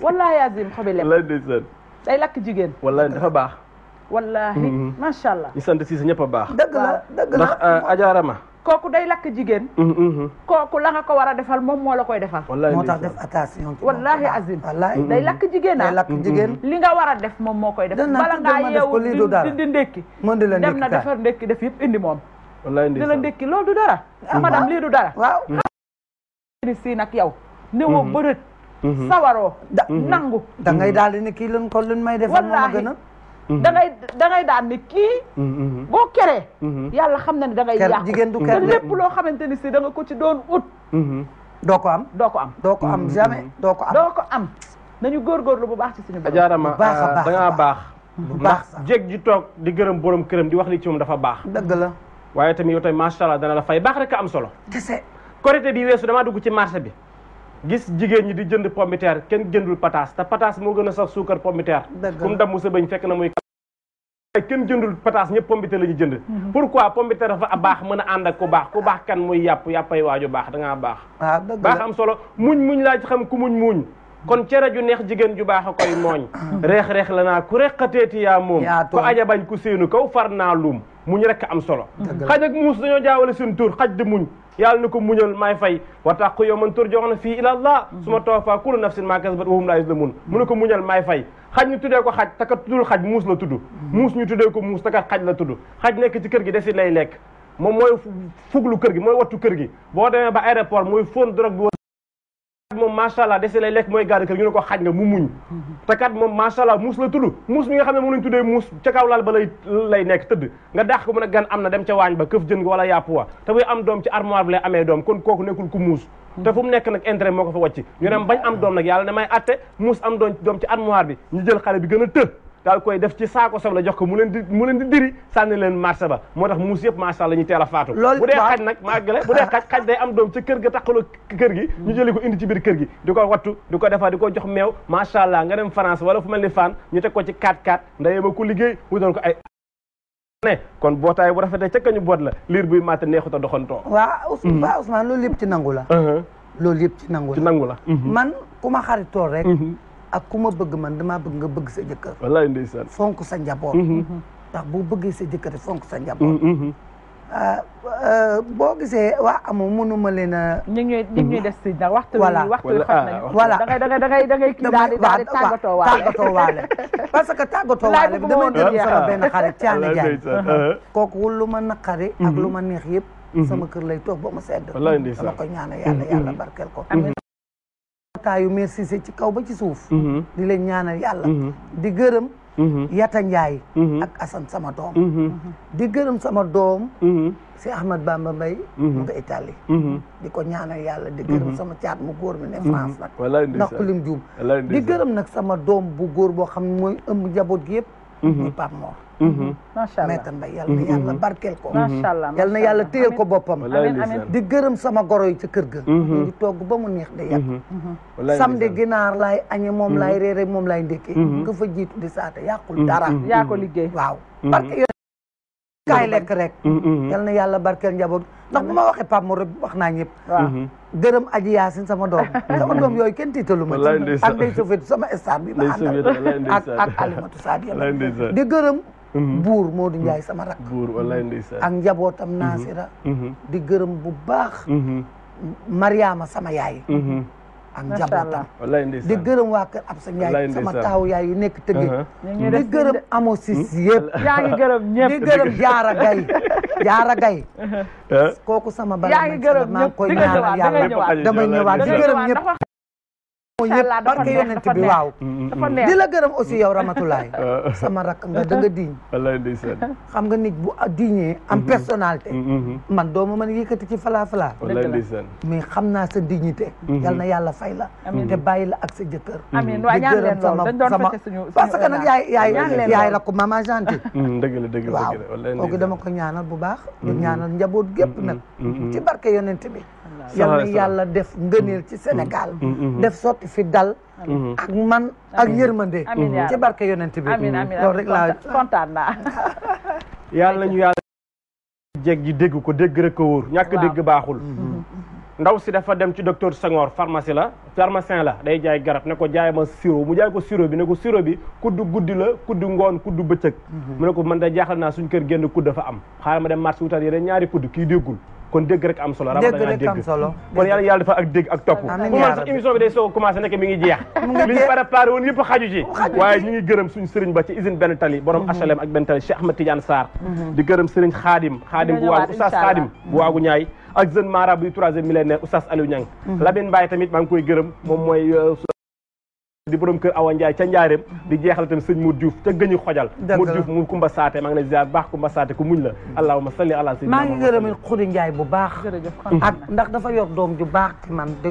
wallahi azim xobi lekk wallahi ndeysaan day lakk jigéen wallahi dafa baax wallahi macha allah ñu sant si sa ñëpp a baax dëgg la dëgg euh, kooku day lakk jigéen. Mm, mm, mm. kooku la nga ko war a defal moom moo la koy defal. moo tax def attention. wallaahi azim wallaahi day lakk jigéen ah. day lakk li nga war a def moom moo koy def. bala ngaa yeewu di di ndékki. mën di la ndékki dem na defar ndékki def yëpp indi moom. wallaahi di la ndékki loolu du dara. Ah, madame lii du dara. waaw xam mm-hmm. nag yow. ne woo mm-hmm. bërët. Mm-hmm. sawaroo. da nangu. da ngay daal di kii lan ko lan may defal moo ma gën a. Mm-hmm. da ngay da ngay daan ne kii mm-hmm. boo keree mm-hmm. yàlla xam na ne da ngay yàq jigéen du ker lépp loo xamante ni si da nga ko ci doon ut doo ko am doo ko am doo ko am jamais doo ko am doo ko am nañu góorgóorlu bu baax ci suñu borom jaarama da ngaa baax ah, ndax jéeg ji toog di gërëm borom këram di wax li ci moom baax dëgg la waaye tamit yow macha allah dana la fay baax rek am solo kese korité bi weesu dama dugg ci marché bi gis jigéen ñi di jënd pomme de terre kenn jëndul pataas te pataas moo gën a saf suukar pomme de terre kum damm sa bañ fekk na muy ay kenn jëndul pataas ñëpp pombité la ñu jënd mhm. pourquoi pombité a baax mën a ànd ak ku baax ku baax kan muy yàpp yàppay waaju baax dangaa baax ah, baax am solo muñ muñ laa ci xam ku muñ muñ kon cere ju neex jigéen ju baax a koy mooñ reex-reex mhm. la naa ku reqateeti yaa moom ku aja bañ ku séenu kaw far naa luum muñ rek am solo xaj ak muus dañoo jaawale seen tur xaj di muñ yàlla na ko muñal maay fay wa taqu yawman turja'una fii ila allah mhm. suma tawaffa kullu nafsin ma kasabat wa hum la yuzlamun ne ko muñal maay fay xaj ñu tuddee ko xaj te kat tuddul xaj muus la tudd muus ñu tuddee ko muus te kat xaj la tudd xaj nekk ci kër gi si lay lekk moom mooy fuglu kër gi mooy wattu kër gi boo demee ba aéroport mooy fóon drogue bi moom macha allah dese lay lekk mooy gaar kër ñu ne ko xaj nga mu muñ te kat moom macha allah muus la tudd muus mi nga xam ne moom tuddee muus ca kaw laal ba lay nekk tëdd nga dàq ko mën a gan am na dem ca waañ ba këf jën nga wala yàpp wa te buy am doom ci armoire bi lay amee doom kon kooku nekkul ku muus te fu mu nekk nag intérêt moo ko fa wàcc ñu ne bañ am doom nag yàlla ne may muus am doom doom ci armoire bi ñu jël xale bi gën a të daal koy def ci saako soble jox ko mu leen di mu leen di diri sànni leen marché ba moo tax muus yëpp macha allah ñu teel a faatu bu dee xaj nag màggale bu dee xaj xaj day am doom ci kër ga taqaloo kër gi ko indi ci biir kër di ko wattu di ko defar di ko jox meew macha allah nga dem France wala fu mel ni Fann ñu teg ko ci 4-4 ndayee ma ku liggéey kon bootaay bu rafetee ca kañu boot la liir bi màtt neexut a doxantoo waaw mm-hmm. waaw Ousmane loolu yëpp ci nangu la uh-huh. loolu yëpp ci nangu la mm-hmm. man ku ma xaritool rek mm-hmm. ak ku ma bëgg man damaa bëgg nga bëgg sa jëkkër. wallaay ndeysaan fonk sa njaboot. Mm-hmm. ndax bu bëggee sa jëkkër fonk sa njaboot. Mm-hmm, mm-hmm. Ah, euh, boo gisee waa amoo mënu ma leen a. ñu ngi ñuy ñu des si ndax waxtu. voilà waxtu bi xam nañu ah, voilà da ngay da ngay da ngay kii daal di daal di tàggatoo waale. tàggatoo waale <laughs> parce que tàggatoo waale bi dama déglu sama benn xarit Thiané Ndiaye. Uh-huh. Uh-huh. kooku lu ma naqari. ak lu ma neex yëpp. sama kër lay toog ba ma sedd. dama ko ñaanal yàlla yàlla barkeel ko. taayu Mère Cissé ci kaw ba ci suuf mm-hmm. di la leen ñaanal yàlla di gërëm Yata Ndiaye ak Assane sama doom mm-hmm. di gërëm sama doom si Ahmad Bamba Mbaye mu nga Italie di ko ñaan ñaanal yàlla di gërëm sama caat mu góor mi ne France mm-hmm. nag ndax li lim juum di gërëm nag sama doom bu góor boo xam ne mooy ëmb njaboot gi yëpp Mm-hmm. muy Pape Mor. Mm-hmm. macha allah maître Mbaye yal na mm-hmm. yàlla barkeel ko. yal na yàlla téyel ko boppam. di gërëm sama goro yi ci kër ga. di togg ba mu neex de yàgg. samedi ginaar laay añe moom laay reere moom lay ndékkee. nga fa jiitu di saata yàqul dara. yaa ko liggéey waaw. barke kaay lekk rek. yal na yàlla barkel njaboot ndax bu ma waxee Pape Mor rek wax na ñëpp. gërëm aji yaasin sama doom sama <laughs> doom yooyu kenn tiitalu ma ci ak day sofetu sama star bi ma àndal ak ak alimatu sadia <laughs> di gërëm mhm. buur Modou mhm. Ndiaye sama rakk buur wallaay ndeysaan ak njabootam mhm. naasira di gërëm bu baax mariama sama yaay ak njabootam di gërëm waa kër Absa Ndiaye sama taaw yaay yu nekk tëgge uh-huh. di gërëm amo sis hmm? yëpp <laughs> di gërëm jaara gay <laughs> jaara gay uh-huh. kooku sama bala maa ngi koy di gërëm ñëpp yëpp barke yonent bi waaw di la gërëm aussi yow Ramatulaay <laughs> euh, euh. sama rakk nga da nga diñ xam nga nit bu diñee am mm-hmm. personnalité mm-hmm. man dooma mën yëkkati ci falaa falaa mais xam naa sa dignité mm-hmm. yal na yàlla fay la te bàyyi la ak sa jëkkër di gërëm sama sama parce que nag yaay yaay yaay rakku maman Janté <laughs> dëgg la dëgg la waaw kooku dama ko ñaanal bu baax ñu ñaanal njaboot gépp nag ci barke yonent bi yal na yàlla def ngëneel ci Sénégal mm-hmm. Mm-hmm. def sotti fi dal mm-hmm. ak man ak yërmande ci barke yonent bi loolu rek laa kontaan naa <laughs> yàlla ñu yàlla jeeg ji dégg ko dégg rek ko wóor ñàkk dégg baaxul ndaw si dafa dem ci docteur Senghor pharmacie la pharmacien la day jaay garab ne ko jaay ma sirop mu jaay ko siro bi ne siro bi kudd guddi la kuddu ngoon kudd bëccëg mu ne ko man da jaaxal naa suñ kër genn kudd dafa am xaaral ma dem marché wutal yeneen ñaari kudd ki déggul kon dégg rek am solo rawatina dégg rek am solo kon yàlla ak dégg ak topp bu man sax émission bi a nekk mi ngi jeex <laughs> li ñu préparé woon yëpp xaju waaye ñu gërëm suñu sëriñ ba ci usine benn tali borom mhm. HLM ak benn tali Cheikh Ahmed Tidiane Sarr mhm. di gërëm sëriñ xaadim xaadim bu waagu oustaz xaadim bu waagu ñaay ak jeune marabout du troisième millénaire oustaz Aliou Niang mhm. Lamine Mbaye tamit maa ngi gërëm moom euh, di borom kër Awa Ndiaye ca Njaareem di jeexal tam sëñ Modou Diouf ca gëñu xojal Modou Diouf mu Kumba Saate maa ngi lay baax Kumba Saate ku muñ la allahuma salli ala sayyidina maa ngi gërëm Xuri Ndiaye bu baax ak ndax dafa yor doom ju baax ci man di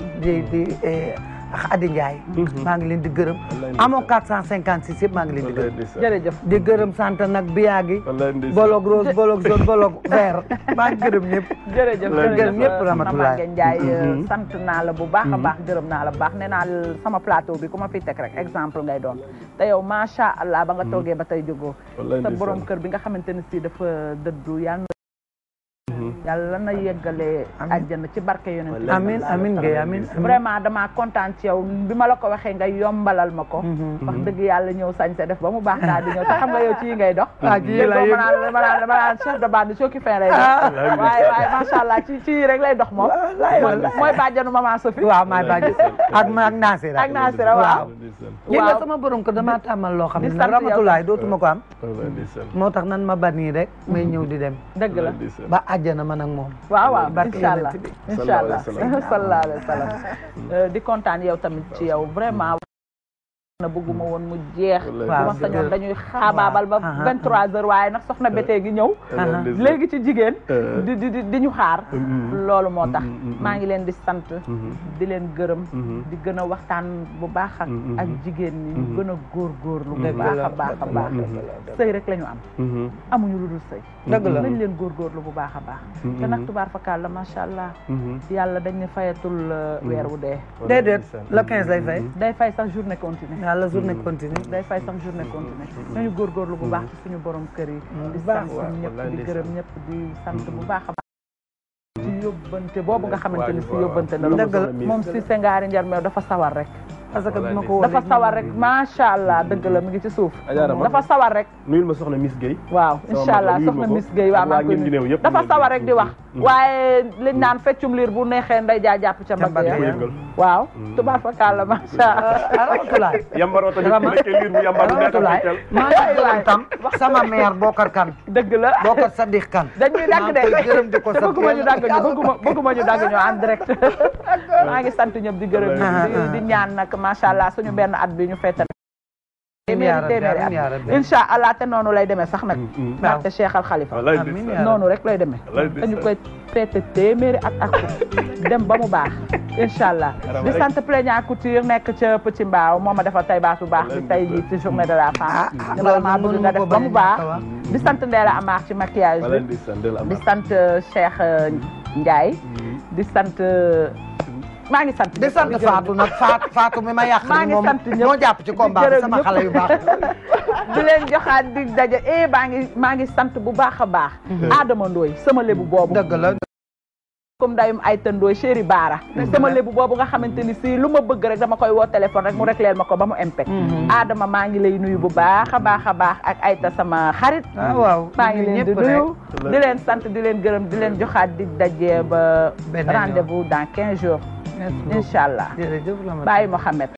di eh, ak Adi mhm. maa ngi leen di gërëm. amoo 456 yëpp maa ngi leen di gërëm. jërëjëf di gërëm sant nag biyaa gi. bolog rose bolog jaune bolog <laughs> vert maa ngi gërëm ñëpp. jërëjëf jërëjëf ñëpp Ramatoulaye Mame Ndiaye mhm. euh, naa la bu baax a mhm. baax gërëm naa la bu baax nee naa sama plateau bi ku ma fi teg rek exemple ngay doon te yow macha allah ba nga toogee ba tey jógoo sa borom kër bi nga xamante ne si dafa dëddu yàlla yàlla na yeggale àjjana ci barke yonent bi amin amin gay amin vraiment damaa kontaan ci bi ma la ko waxee nga yombalal ma ko mm-hmm. Mm-hmm. wax dëgg yàlla ñëw sañse def ba mu baax daal di ñëw te xam nga yow ci yi ngay dox waaw ci yi la yëg manaa manaa de bande sooki fin lay dox ah. waaye allah ci ci yi rek lay dox moom mooy bàjjanu maman Sophie waaw maay bàjjan ak ak Nasira ak Nasira waaw yéen ko damaa tàmmal loo xam ne nag ramatulaay dootuma ko am moo tax nan ma banii rek may mm-hmm. ñëw di dem ba àjjana man ak moom. waaw waaw barke yàlla incha allah incha allah di kontaan yow tamit ci yow vraiment. na bëgguma woon mu jeex ma sañoon dañuy xaabaabal ba vingt trois heures waaye nag soxna betee gi ñëw léegi ci jigéen di di ñu xaar loolu moo tax maa ngi leen di sant di leen gërëm di gën a waxtaan bu baax ak ak jigéen ñi ñu gën a góorgóorlu bu baax a baax a baax sëy rek la ñu am amuñu lu dul sëy dëgg la nañ leen lu bu baax a baax te nag tubaar fakal la macha allah yàlla dañ ne fayatul weer wu dee déedéet le quinze lay fay day fay sax journée continue yàlla journée continue day fay sam journée continue nañu góorgóorlu bu baax ci suñu borom kër yi di sant ñëpp di gërëm ñëpp di sant bu baax a baax ci yóbbante boobu nga xamante ni si yóbbante la dëgg moom si sengaari dafa sawar rek que bi ma ko dafa sawar rek macha allah dëgg la mi ngi ci suuf. dafa sawar rek. nuyul ma soxna Miss Guèye. waaw incha allah Miss Guèye dafa sawar rek di wax. Mm-hmm. waaye liñ naan mm-hmm. feccum liir bu neexee nday jaa jàpp ca mbagg ya waaw mm-hmm. tubaab fa kàlla ma allah <laughs> ramatulaay yambar wata ñu lekkee liir bu yambar ramatulaay maa ngi gërëm tam Bokar Kan dëgg la Bokar Sadiq Kan dañuy dagg de gërëm di ko sant bëgguma ñu dagg ñu bëgguma bëgguma <laughs> maa ngi sant ñëpp di gërëm ah, ah, ah. di ñaan nag macha allah suñu benn at bi ñu feetal incha allah te noonu lay demee sax nag ndaxte Cheikh Al Khalifa noonu rek lay demee dañu koy traité téeméeri ak ak dem ba mu baax incha allah di sant Plaignant Couture nekk ca Petit Mbaaw moom ma defal tey baas bu baax bi tey jii ci journée de la femme dama ah, maa ba mu baax sant Ndella Amar ci maquillage bi di sant Cheikh maa ngi sant di sant Fatou nag Fatou Fatou mi ma yàq. maa ngi sant moo jàpp ci combat bi sama yu baax. <laughs> di leen joxaat di daje eh maa ngi maa ngi sant bu baax a baax. Mm-hmm. Adama Ndoye sama lebu boobu. dëgg la. comme dayum ay tëndoo chéri baara mm-hmm. sama lébu boobu nga xamante ni si lu ma bëgg rek dama koy woo téléphone rek mu mm-hmm. rek leen ma ko ba mu impec Adama maa ngi lay nuyu bu baax a baax a baax ak ayta sama xarit ah, waaw maa ngi leen di nuyu di leen sant di leen gërëm di leen joxaat dig dajee ba rendez-vous dans quinze jours incha allah jërëjëf Lamine Baye Mohamed